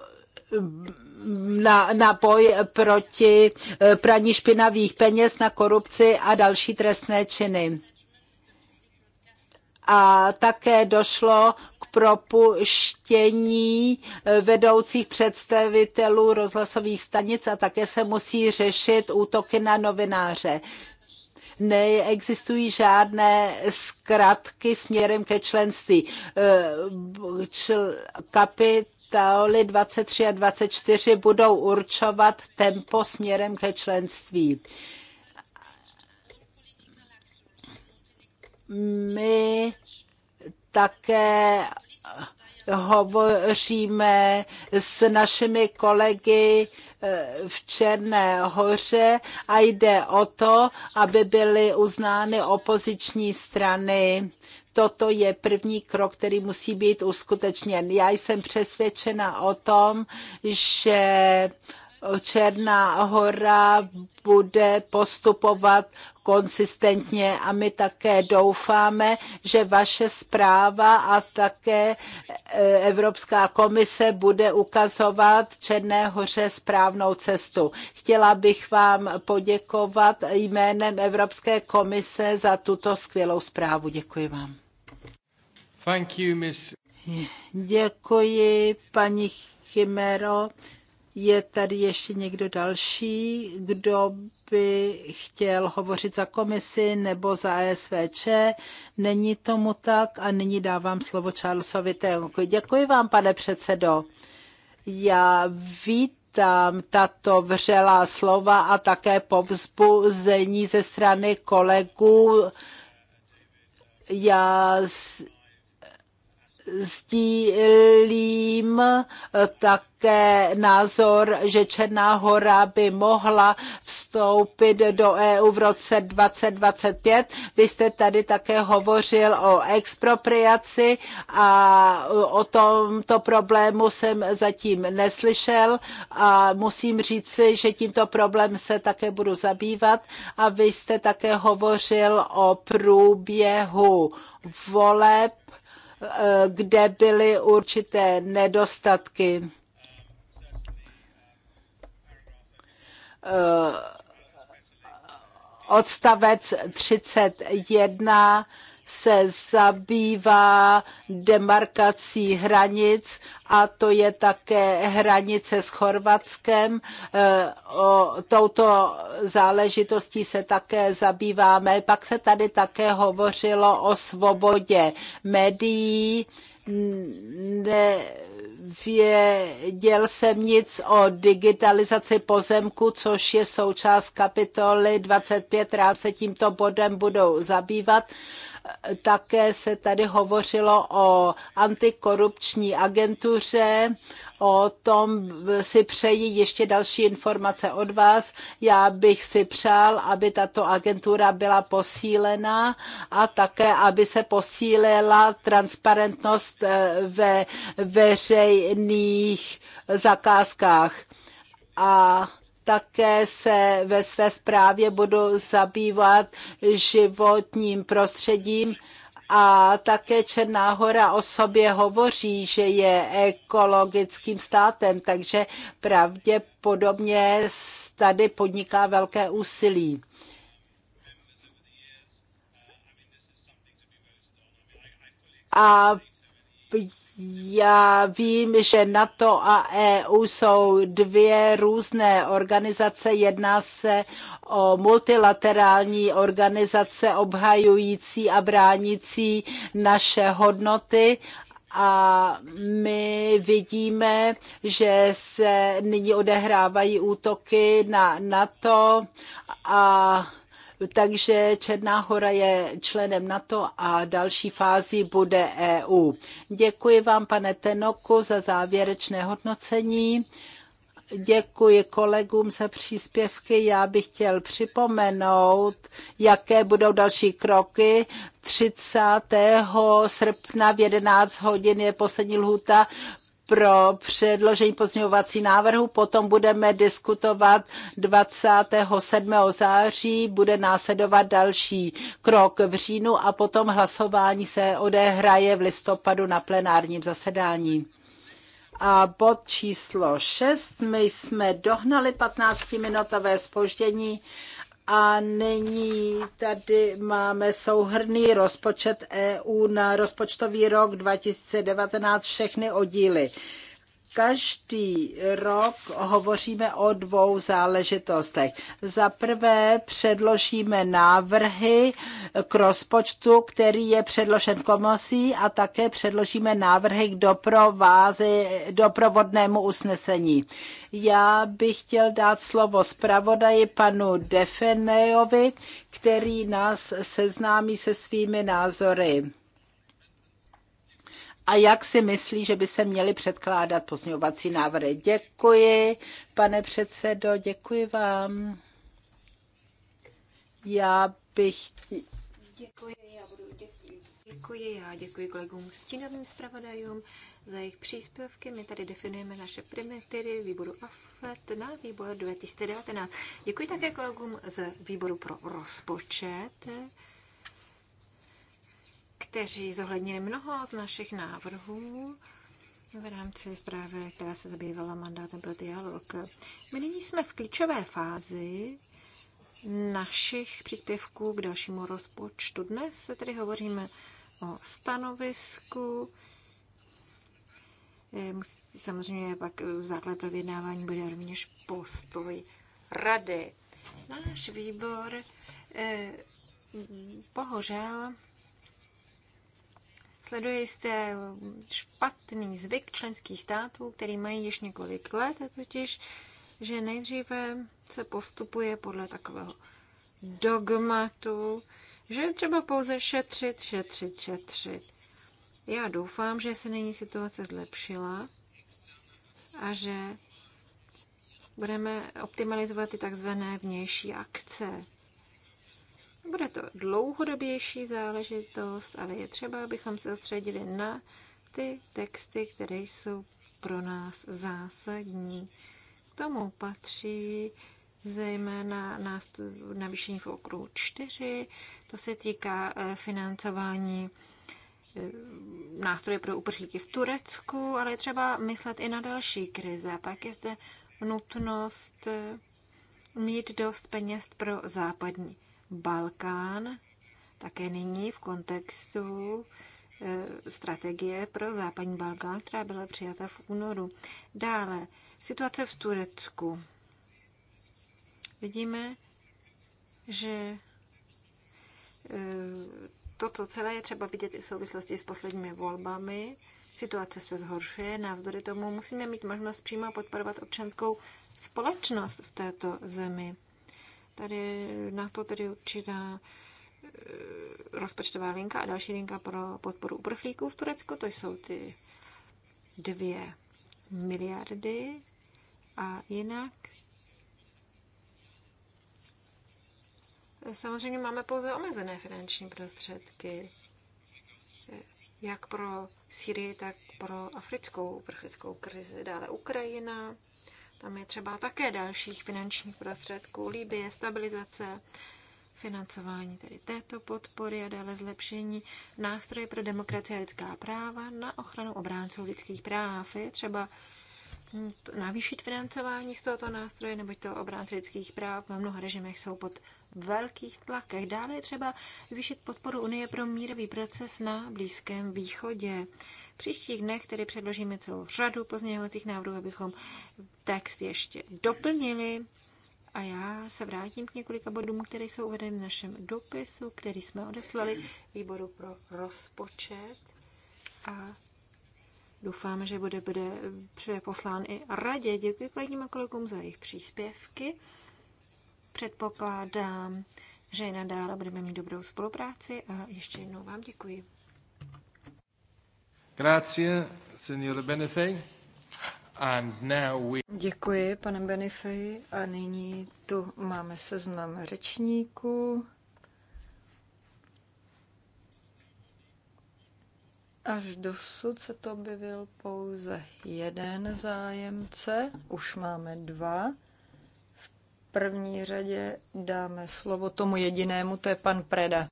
na, na boj proti praní špinavých peněz, na korupci a další trestné činy a také došlo k propuštění eh, vedoucích představitelů rozhlasových stanic a také se musí řešit útoky na novináře neexistují žádné zkratky směrem ke členství. Eh, kapitoly 23 a 24 budou určovat tempo směrem ke členství. my také hovoříme s našimi kolegy eh, v Černé hoře a jde o to, aby byly uznány opoziční strany. Toto je první krok, který musí být uskutečněn. Já jsem přesvědčena o tom, že Černá hora bude postupovat konsistentně a my také doufáme, že vaše zpráva a také e, Evropská komise bude ukazovat Černé hoře správnou cestu. Chtěla bych vám poděkovat jménem Evropské komise za tuto skvělou zprávu. Děkuji vám. Thank you, miss. Děkuji, paní Chimero. Je tady ještě někdo další, kdo by chtěl hovořit za komisi nebo za ESVČ. Není tomu tak a nyní dávám slovo Charlesovi Teonku. Děkuji vám, pane předsedo. Já vítám tato vřelá slova a také povzbuzení ze strany kolegů. Já sdílím eh, také názor, že Černá hora by mohla vstoupit do EU v roce 2025. Vy jste tady také hovořil o expropriaci a o tomto problému jsem zatím neslyšel a musím říci, že tímto problém se také budu zabývat a vy jste také hovořil o průběhu voleb Eh, kde byly určité nedostatky. Eh, odstavec 31 se zabývá demarkací hranic a to je také hranice s Chorvatskem. E, o touto záležitostí se také zabýváme. Pak se tady také hovořilo o svobodě médií. Ne, věděl jsem nic o digitalizaci pozemku, což je součást kapitoly 25, která se tímto bodem budou zabývat také se tady hovořilo o antikorupční agentuře, o tom si přeji ještě další informace od vás. Já bych si přál, aby tato agentura byla posílena a také, aby se posílila transparentnost eh, ve veřejných zakázkách. A také se ve své zprávě budu zabývat životním prostředím a také Černá hora o sobě hovoří, že je ekologickým státem, takže pravděpodobně tady podniká velké úsilí. A já vím, že NATO a EU jsou dvě různé organizace. Jedná se o multilaterální organizace obhajující a bránící naše hodnoty a my vidíme, že se nyní odehrávají útoky na NATO a takže Černá hora je členem NATO a další fázi bude EU. Děkuji vám, pane Tenoku, za závěrečné hodnocení. Děkuji kolegům za příspěvky. Já bych chtěl připomenout, jaké budou další kroky. 30. srpna v 11 hodin je poslední lhůta pro předložení pozměňovací návrhu. Potom budeme diskutovat 27. září, bude následovat další krok v říjnu a potom hlasování se odehraje v listopadu na plenárním zasedání. A bod číslo 6, my jsme dohnali 15-minutové spoždění a nyní tady máme souhrný rozpočet EU na rozpočtový rok 2019 všechny oddíly každý rok hovoříme o dvou záležitostech. Za prvé předložíme návrhy k rozpočtu, který je předložen komisí a také předložíme návrhy k doprovázi, doprovodnému usnesení. Já bych chtěl dát slovo zpravodaji panu Defenejovi, který nás seznámí se svými názory a jak si myslí, že by se měly předkládat pozměňovací návrhy. Děkuji, pane předsedo, děkuji vám. Já bych... Děkuji, já budu děkuji. Děkuji, já děkuji kolegům stínovým zpravodajům za jejich příspěvky. My tady definujeme naše primitivy výboru AFET na výbor 2019. Děkuji také kolegům z výboru pro rozpočet kteří zohlednili mnoho z našich návrhů v rámci zprávy, která se zabývala mandátem pro dialog. My nyní jsme v klíčové fázi našich příspěvků k dalšímu rozpočtu. Dnes se tedy hovoříme o stanovisku. Eh, samozřejmě pak základ pro vyjednávání bude rovněž postoj rady. Náš výbor eh, bohužel Sleduje jste špatný zvyk členských států, který mají již několik let, totiž, že nejdříve se postupuje podle takového dogmatu, že je třeba pouze šetřit, šetřit, šetřit. Já doufám, že se nyní situace zlepšila a že budeme optimalizovat ty takzvané vnější akce. Bude to dlouhodobější záležitost, ale je třeba, abychom se soustředili na ty texty, které jsou pro nás zásadní. K tomu patří zejména navýšení v okruhu 4. To se týká eh, financování eh, nástroje pro uprchlíky v Turecku, ale je třeba myslet i na další krize. Pak je zde nutnost eh, mít dost peněz pro západní Balkán také nyní v kontextu e, strategie pro západní Balkán, která byla přijata v únoru. Dále, situace v Turecku. Vidíme, že e, toto celé je třeba vidět i v souvislosti s posledními volbami. Situace se zhoršuje, navzdory tomu musíme mít možnost přímo podporovat občanskou společnost v této zemi. Tady na to tedy určitá eh, rozpočtová linka a další linka pro podporu uprchlíků v Turecku, to jsou ty dvě miliardy a jinak samozřejmě máme pouze omezené finanční prostředky eh, jak pro Syrii, tak pro africkou uprchlickou krizi. Dále Ukrajina, tam je třeba také dalších finančních prostředků. Líbí je stabilizace financování tedy této podpory a dále zlepšení nástroje pro demokracie a lidská práva na ochranu obránců lidských práv. Je třeba navýšit financování z tohoto nástroje, neboť to obránce lidských práv ve mnoha režimech jsou pod velkých tlakech. Dále je třeba zvýšit podporu Unie pro mírový proces na Blízkém východě příštích dnech tedy předložíme celou řadu pozměňovacích návrhů, abychom text ještě doplnili. A já se vrátím k několika bodům, které jsou uvedeny v našem dopisu, který jsme odeslali výboru pro rozpočet. A doufám, že bude, bude poslán i radě. Děkuji kolegům a kolegům za jejich příspěvky. Předpokládám, že i nadále budeme mít dobrou spolupráci a ještě jednou vám děkuji. Grazie, signore And now we... Děkuji, pane Benefej. A nyní tu máme seznam řečníků. Až dosud se to objevil pouze jeden zájemce, už máme dva. V první řadě dáme slovo tomu jedinému, to je pan Preda.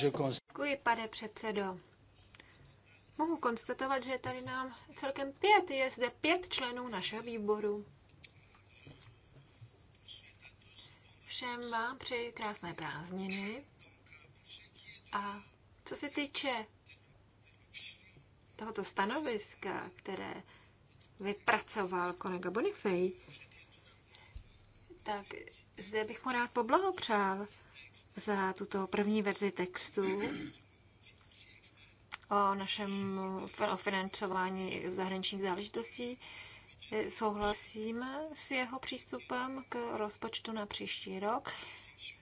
Děkuji, pane předsedo mohu konstatovat, že je tady nám celkem pět, je zde pět členů našeho výboru. Všem vám přeji krásné prázdniny. A co se týče tohoto stanoviska, které vypracoval kolega Bonifej, tak zde bych mu rád poblahopřál za tuto první verzi textu, o našem financování zahraničních záležitostí. Souhlasím s jeho přístupem k rozpočtu na příští rok,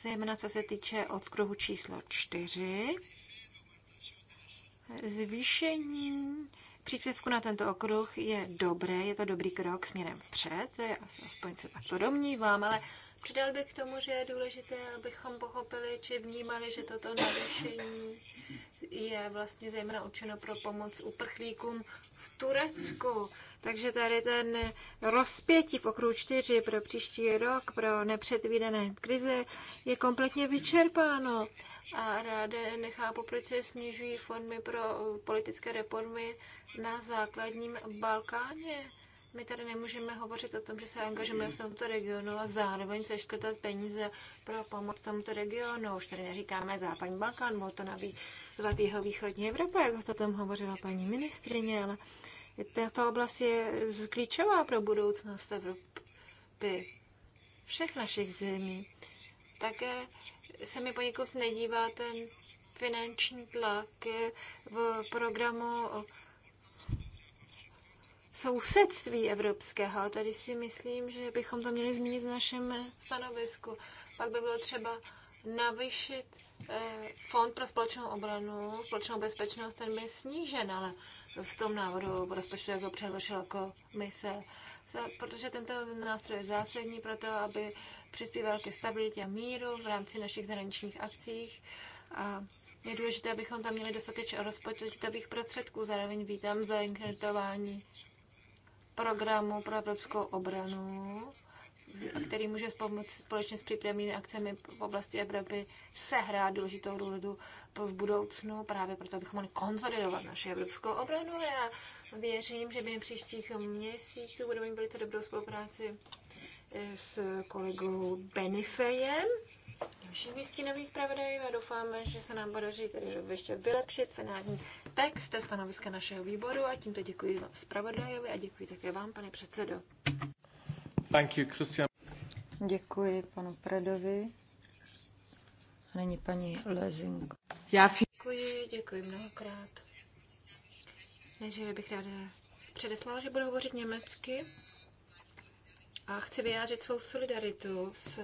zejména co se týče okruhu číslo 4. Zvýšení příspěvku na tento okruh je dobré, je to dobrý krok směrem vpřed, aspoň se takto domnívám, ale Přidal bych k tomu, že je důležité, abychom pochopili či vnímali, že toto navýšení je vlastně zejména určeno pro pomoc uprchlíkům v Turecku. Takže tady ten rozpětí v okruhu 4 pro příští rok, pro nepředvídané krize, je kompletně vyčerpáno. A ráda nechápu, proč se snižují fondy pro politické reformy na základním Balkáně my tady nemůžeme hovořit o tom, že se angažujeme v tomto regionu a zároveň se škrtat peníze pro pomoc tomuto regionu. Už tady neříkáme Západní Balkán, bylo to na jeho východní Evropa, jak o tom hovořila paní ministrině, ale tato oblast je klíčová pro budoucnost Evropy, všech našich zemí. Také se mi poněkud nedívá ten finanční tlak v programu sousedství evropského. Tady si myslím, že bychom to měli zmínit v našem stanovisku. Pak by bylo třeba navyšit eh, fond pro společnou obranu, společnou bezpečnost, ten by snížen, ale v tom návodu rozpočtu, jak ho předložila komise, protože tento nástroj je zásadní pro to, aby přispíval ke stabilitě a míru v rámci našich zahraničních akcích a je důležité, abychom tam měli dostatečně rozpočtových prostředků. Zároveň vítám zainkreditování programu pro evropskou obranu, který může společně s přípravnými akcemi v oblasti Evropy sehrát důležitou roli v budoucnu, právě proto, abychom mohli konsolidovat naši evropskou obranu. Já věřím, že během příštích měsíců budeme mít velice dobrou spolupráci s kolegou Benifejem dalšími stínovými zpravodaj a doufáme, že se nám podaří tedy ještě vylepšit finální text stanoviska našeho výboru a tímto děkuji vám zpravodajovi a děkuji také vám, pane předsedo. Thank you, Christian. Děkuji panu Predovi. A není paní Lezing. Já děkuji, děkuji mnohokrát. Než bych ráda předeslala, že budu hovořit německy a chci vyjádřit svou solidaritu s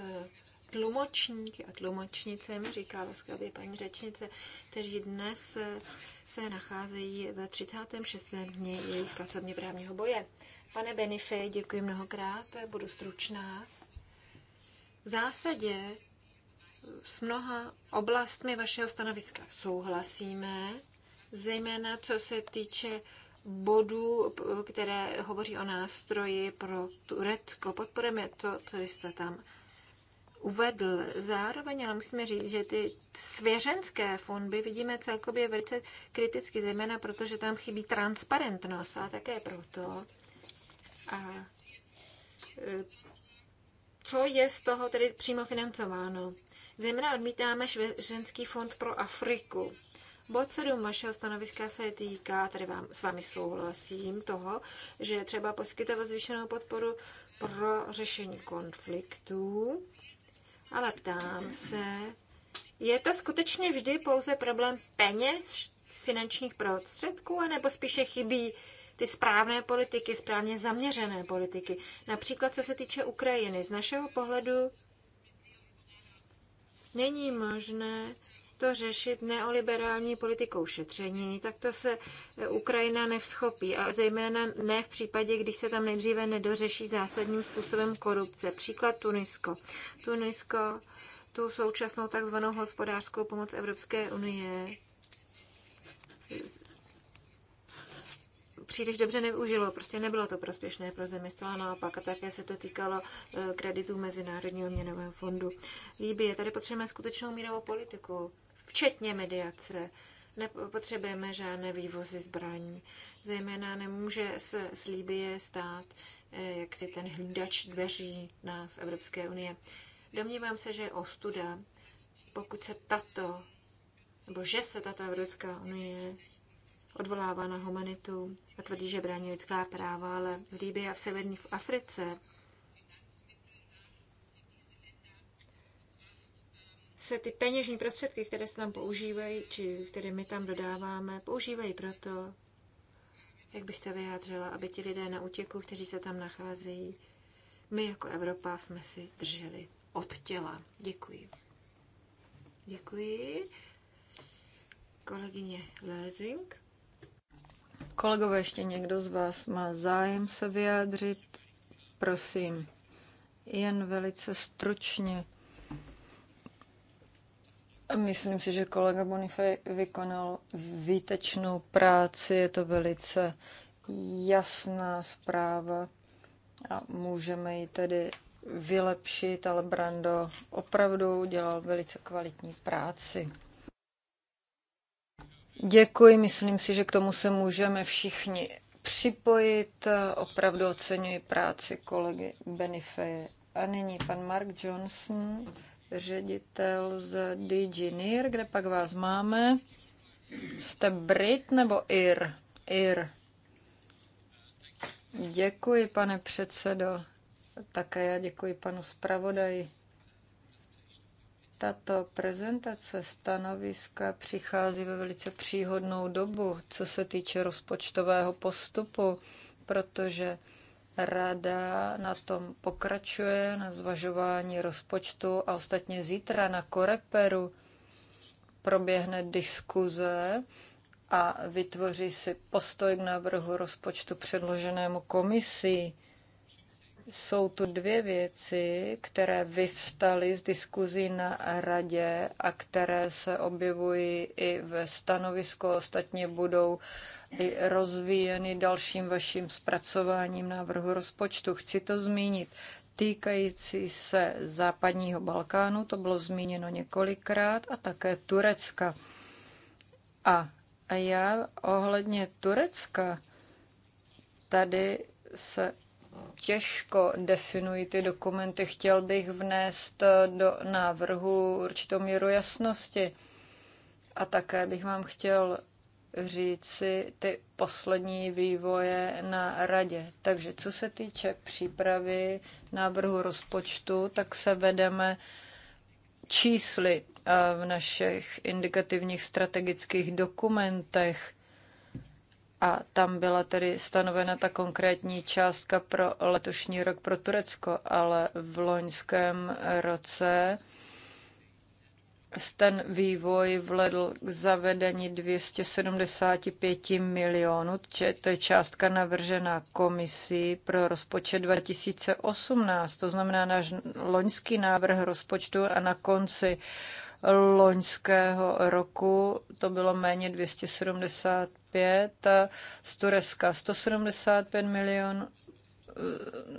tlumočníky a tlumočnice mi říká laskavě paní řečnice, kteří dnes eh, se nacházejí ve 36. dně jejich pracovně právního boje. Pane Benife, děkuji mnohokrát, budu stručná. V zásadě s mnoha oblastmi vašeho stanoviska souhlasíme, zejména co se týče bodů, které hovoří o nástroji pro Turecko. Podporujeme to, co jste tam uvedl. Zároveň ale musíme říct, že ty svěřenské fondy vidíme celkově velice kriticky, zejména protože tam chybí transparentnost a také proto. A e, co je z toho tedy přímo financováno? Zejména odmítáme Svěřenský fond pro Afriku. Bod 7 vašeho stanoviska se týká, tady vám, s vámi souhlasím, toho, že třeba poskytovat zvýšenou podporu pro řešení konfliktů ale ptám se, je to skutečně vždy pouze problém peněz, finančních prostředků, anebo spíše chybí ty správné politiky, správně zaměřené politiky. Například co se týče Ukrajiny, z našeho pohledu není možné to řešit neoliberální politikou šetření, tak to se eh, Ukrajina nevschopí. A zejména ne v případě, když se tam nejdříve nedořeší zásadním způsobem korupce. Příklad Tunisko. Tunisko tu současnou takzvanou hospodářskou pomoc Evropské unie příliš dobře neužilo, prostě nebylo to prospěšné pro zemi, zcela naopak. A také se to týkalo eh, kreditů Mezinárodního měnového fondu. Líbie, tady potřebujeme skutečnou mírovou politiku včetně mediace. Nepotřebujeme žádné vývozy zbraní. Zejména nemůže se z Líbie stát eh, jak si ten hlídač dveří nás Evropské unie. Domnívám se, že je ostuda, pokud se tato, nebo že se tato Evropská unie odvolává na humanitu a tvrdí, že brání lidská práva, ale v Líbě a v severní v Africe se ty peněžní prostředky, které se tam používají, či které my tam dodáváme, používají proto, jak bych to vyjádřila, aby ti lidé na útěku, kteří se tam nacházejí, my jako Evropa jsme si drželi od těla. Děkuji. Děkuji. Kolegyně Lézing. Kolegové, ještě někdo z vás má zájem se vyjádřit? Prosím, jen velice stručně. Myslím si, že kolega Bonifay vykonal výtečnou práci, je to velice jasná zpráva a můžeme ji tedy vylepšit, ale Brando opravdu dělal velice kvalitní práci. Děkuji, myslím si, že k tomu se můžeme všichni připojit. Opravdu oceňuji práci kolegy Benifeje. A nyní pan Mark Johnson ředitel z DigiNIR, kde pak vás máme. Jste Brit nebo Ir? Ir. Děkuji, pane předsedo. Také já děkuji panu zpravodaji. Tato prezentace stanoviska přichází ve velice příhodnou dobu, co se týče rozpočtového postupu, protože Rada na tom pokračuje, na zvažování rozpočtu a ostatně zítra na Koreperu proběhne diskuze a vytvoří si postoj k návrhu rozpočtu předloženému komisí. Jsou tu dvě věci, které vyvstaly z diskuzí na radě a které se objevují i ve stanovisku, ostatně budou i rozvíjeny dalším vaším zpracováním návrhu rozpočtu. Chci to zmínit týkající se západního Balkánu, to bylo zmíněno několikrát, a také Turecka. A já ohledně Turecka tady se těžko definují ty dokumenty. Chtěl bych vnést do návrhu určitou míru jasnosti. A také bych vám chtěl říci ty poslední vývoje na radě. Takže co se týče přípravy návrhu rozpočtu, tak se vedeme čísly eh, v našich indikativních strategických dokumentech a tam byla tedy stanovena ta konkrétní částka pro letošní rok pro Turecko, ale v loňském roce ten vývoj vledl k zavedení 275 milionů, to je částka navržená komisí pro rozpočet 2018, to znamená náš loňský návrh rozpočtu a na konci loňského roku to bylo méně 275 5 eh, z Turecka 175 milionů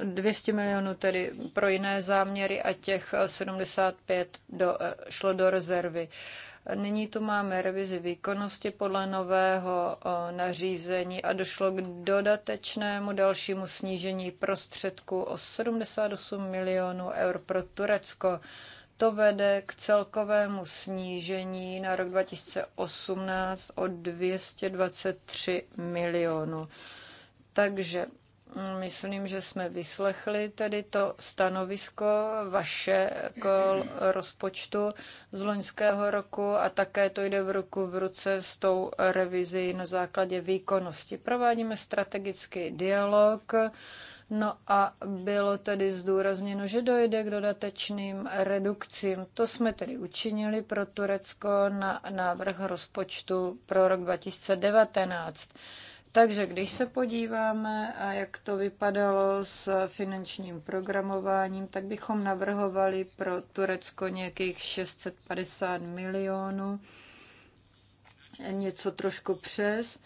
200 milionů tedy pro jiné záměry a těch 75 eh, do, eh, šlo do rezervy. Nyní tu máme revizi výkonnosti podle nového nařízení a došlo k dodatečnému dalšímu snížení prostředku o 78 milionů eur pro Turecko. To vede k celkovému snížení na rok 2018 o 223 milionů. Takže mm, myslím, že jsme vyslechli tedy to stanovisko vaše k <clears throat> rozpočtu z loňského roku a také to jde v ruku v ruce s tou revizí na základě výkonnosti. Provádíme strategický dialog No a bylo tedy zdůrazněno, že dojde k dodatečným redukcím. To jsme tedy učinili pro Turecko na návrh rozpočtu pro rok 2019. Takže když se podíváme, a jak to vypadalo s finančním programováním, tak bychom navrhovali pro Turecko nějakých 650 milionů, něco trošku přes.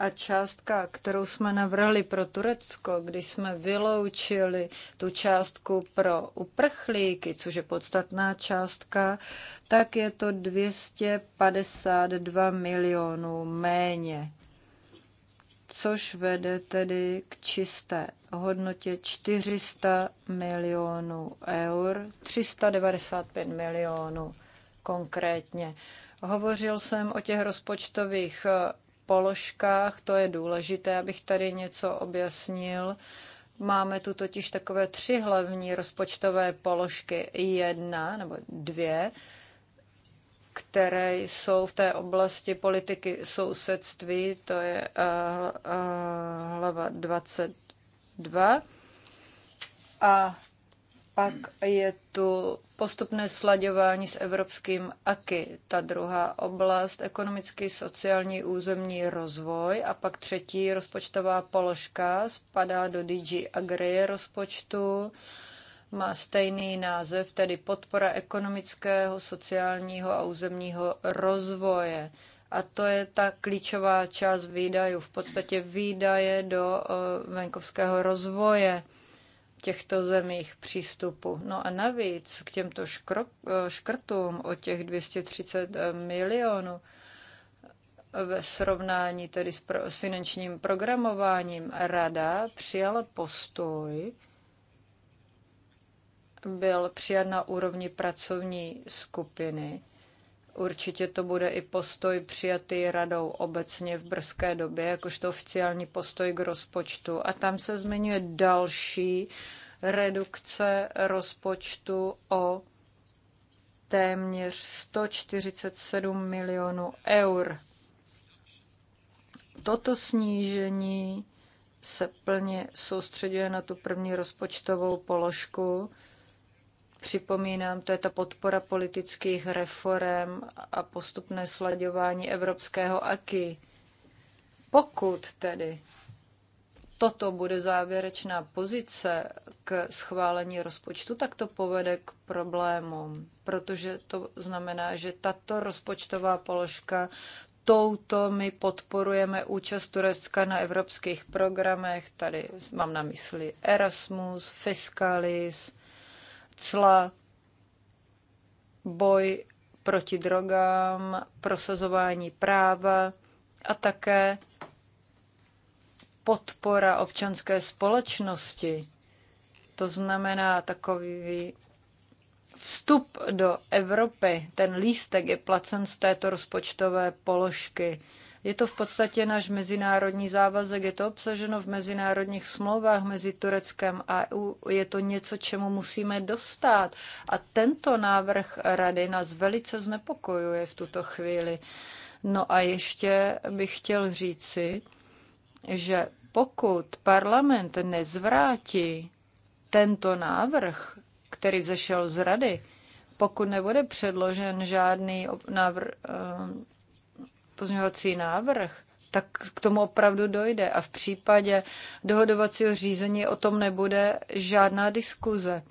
A částka, kterou jsme navrhli pro Turecko, když jsme vyloučili tu částku pro uprchlíky, což je podstatná částka, tak je to 252 milionů méně což vede tedy k čisté hodnotě 400 milionů eur, 395 milionů konkrétně. Hovořil jsem o těch rozpočtových položkách, to je důležité, abych tady něco objasnil. Máme tu totiž takové tři hlavní rozpočtové položky, jedna nebo dvě, které jsou v té oblasti politiky sousedství, to je eh, eh, hlava 22. A pak je tu postupné sladěvání s evropským AKY, ta druhá oblast, ekonomický, sociální, územní rozvoj a pak třetí rozpočtová položka spadá do DG Agri rozpočtu, má stejný název, tedy podpora ekonomického, sociálního a územního rozvoje. A to je ta klíčová část výdajů, v podstatě výdaje do eh, venkovského rozvoje těchto zemích přístupu. No a navíc k těmto škrok, eh, škrtům o těch 230 eh, milionů eh, ve srovnání tedy s, pro, s finančním programováním rada přijala postoj, byl přijat na úrovni pracovní skupiny Určitě to bude i postoj přijatý radou obecně v brzké době, jakožto oficiální postoj k rozpočtu. A tam se zmiňuje další redukce rozpočtu o téměř 147 milionů eur. Toto snížení se plně soustředuje na tu první rozpočtovou položku, Připomínám, to je ta podpora politických reform a postupné sladěvání evropského aky. Pokud tedy toto bude závěrečná pozice k schválení rozpočtu, tak to povede k problémům, protože to znamená, že tato rozpočtová položka touto my podporujeme účast Turecka na evropských programech, tady mám na mysli Erasmus, Fiscalis, cla, boj proti drogám, prosazování práva a také podpora občanské společnosti. To znamená takový vstup do Evropy. Ten lístek je placen z této rozpočtové položky. Je to v podstatě náš mezinárodní závazek, je to obsaženo v mezinárodních smlouvách mezi Tureckem a EU, je to něco, čemu musíme dostat. A tento návrh rady nás velice znepokojuje v tuto chvíli. No a ještě bych chtěl říci, že pokud parlament nezvrátí tento návrh, který vzešel z rady, pokud nebude předložen žádný návrh, eh, pozměňovací návrh, tak k tomu opravdu dojde. A v případě dohodovacího řízení o tom nebude žádná diskuze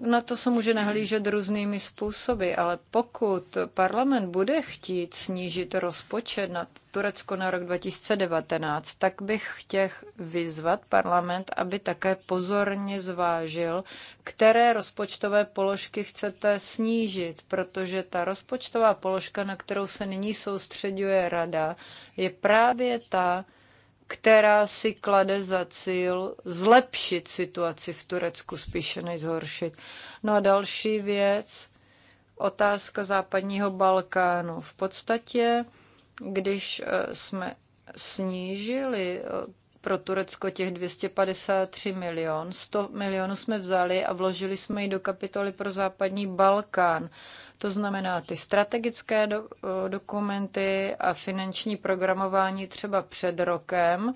na to se může nahlížet různými způsoby, ale pokud parlament bude chtít snížit rozpočet na Turecko na rok 2019, tak bych chtěl vyzvat parlament, aby také pozorně zvážil, které rozpočtové položky chcete snížit, protože ta rozpočtová položka, na kterou se nyní soustředuje rada, je právě ta, která si klade za cíl zlepšit situaci v Turecku spíše než zhoršit. No a další věc, otázka západního Balkánu. V podstatě, když eh, jsme snížili eh, pro Turecko těch 253 milion. 100 milionů jsme vzali a vložili jsme ji do kapitoly pro západní Balkán. To znamená ty strategické do, dokumenty a finanční programování třeba před rokem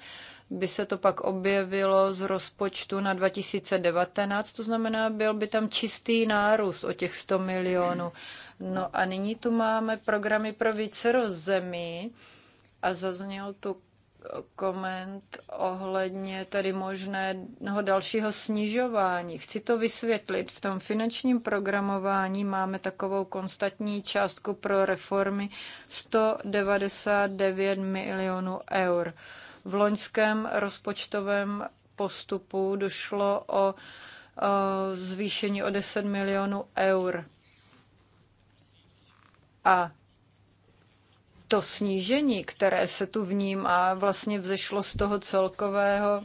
by se to pak objevilo z rozpočtu na 2019, to znamená, byl by tam čistý nárůst o těch 100 milionů. No a nyní tu máme programy pro více zemí a zazněl tu koment ohledně tedy možného dalšího snižování. Chci to vysvětlit. V tom finančním programování máme takovou konstatní částku pro reformy 199 milionů eur. V loňském rozpočtovém postupu došlo o, o zvýšení o 10 milionů eur. A to snížení, které se tu vnímá, vlastně vzešlo z toho celkového eh,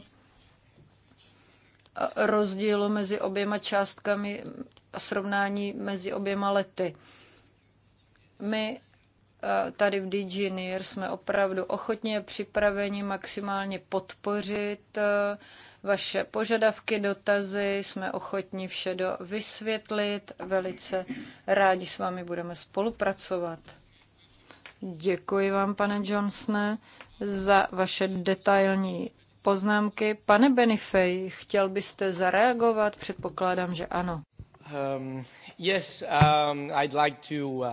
rozdílu mezi oběma částkami a srovnání mezi oběma lety. My eh, tady v DigiNear jsme opravdu ochotně připraveni maximálně podpořit eh, vaše požadavky, dotazy, jsme ochotni vše do vysvětlit, velice rádi s vámi budeme spolupracovat. Děkuji vám, pane Johnsone, za vaše detailní poznámky. Pane Benifej, chtěl byste zareagovat? Předpokládám, že ano. Um, yes, um, I'd like to uh, uh,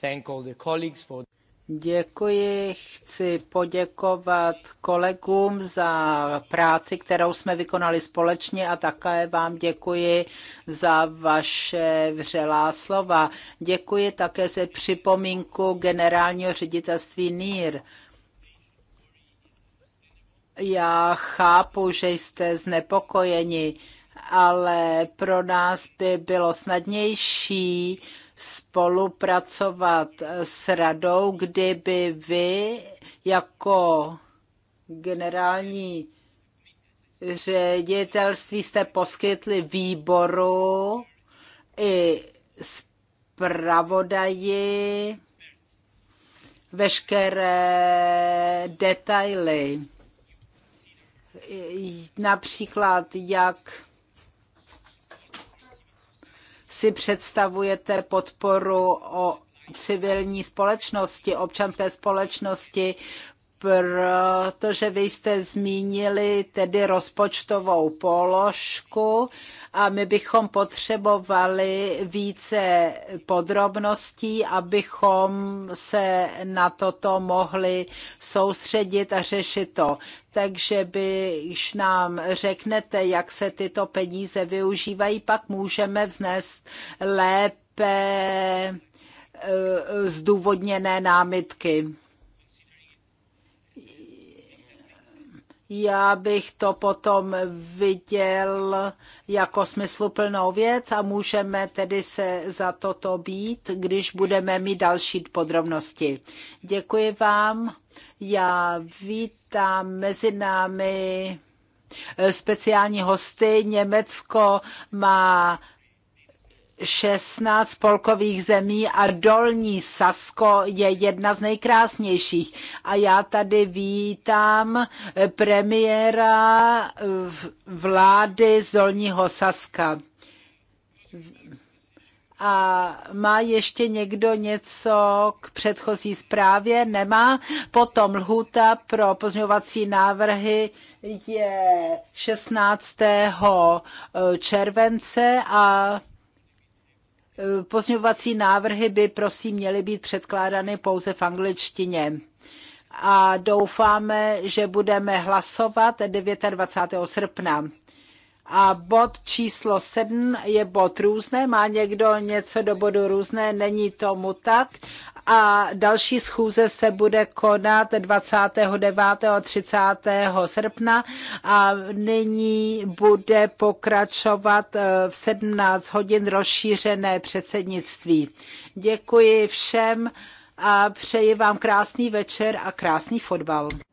thank all the colleagues for Děkuji, chci poděkovat kolegům za práci, kterou jsme vykonali společně a také vám děkuji za vaše vřelá slova. Děkuji také za připomínku generálního ředitelství NIR. Já chápu, že jste znepokojeni, ale pro nás by bylo snadnější, spolupracovat s radou, kdyby vy jako generální ředitelství jste poskytli výboru i zpravodaji veškeré detaily. Například, jak si představujete podporu o civilní společnosti, občanské společnosti protože vy jste zmínili tedy rozpočtovou položku a my bychom potřebovali více podrobností, abychom se na toto mohli soustředit a řešit to. Takže když nám řeknete, jak se tyto peníze využívají, pak můžeme vznést lépe eh, zdůvodněné námitky. já bych to potom viděl jako smysluplnou věc a můžeme tedy se za toto být, když budeme mít další podrobnosti. Děkuji vám. Já vítám mezi námi speciální hosty. Německo má 16 spolkových zemí a Dolní Sasko je jedna z nejkrásnějších. A já tady vítám premiéra vlády z Dolního Saska. A má ještě někdo něco k předchozí zprávě? Nemá. Potom lhuta pro pozměňovací návrhy je 16. července a Pozňovací návrhy by prosím měly být předkládány pouze v angličtině. A doufáme, že budeme hlasovat 29. srpna. A bod číslo sedm je bod různé. Má někdo něco do bodu různé? Není tomu tak. A další schůze se bude konat 29. a 30. srpna a nyní bude pokračovat eh, v 17 hodin rozšířené předsednictví. Děkuji všem a přeji vám krásný večer a krásný fotbal.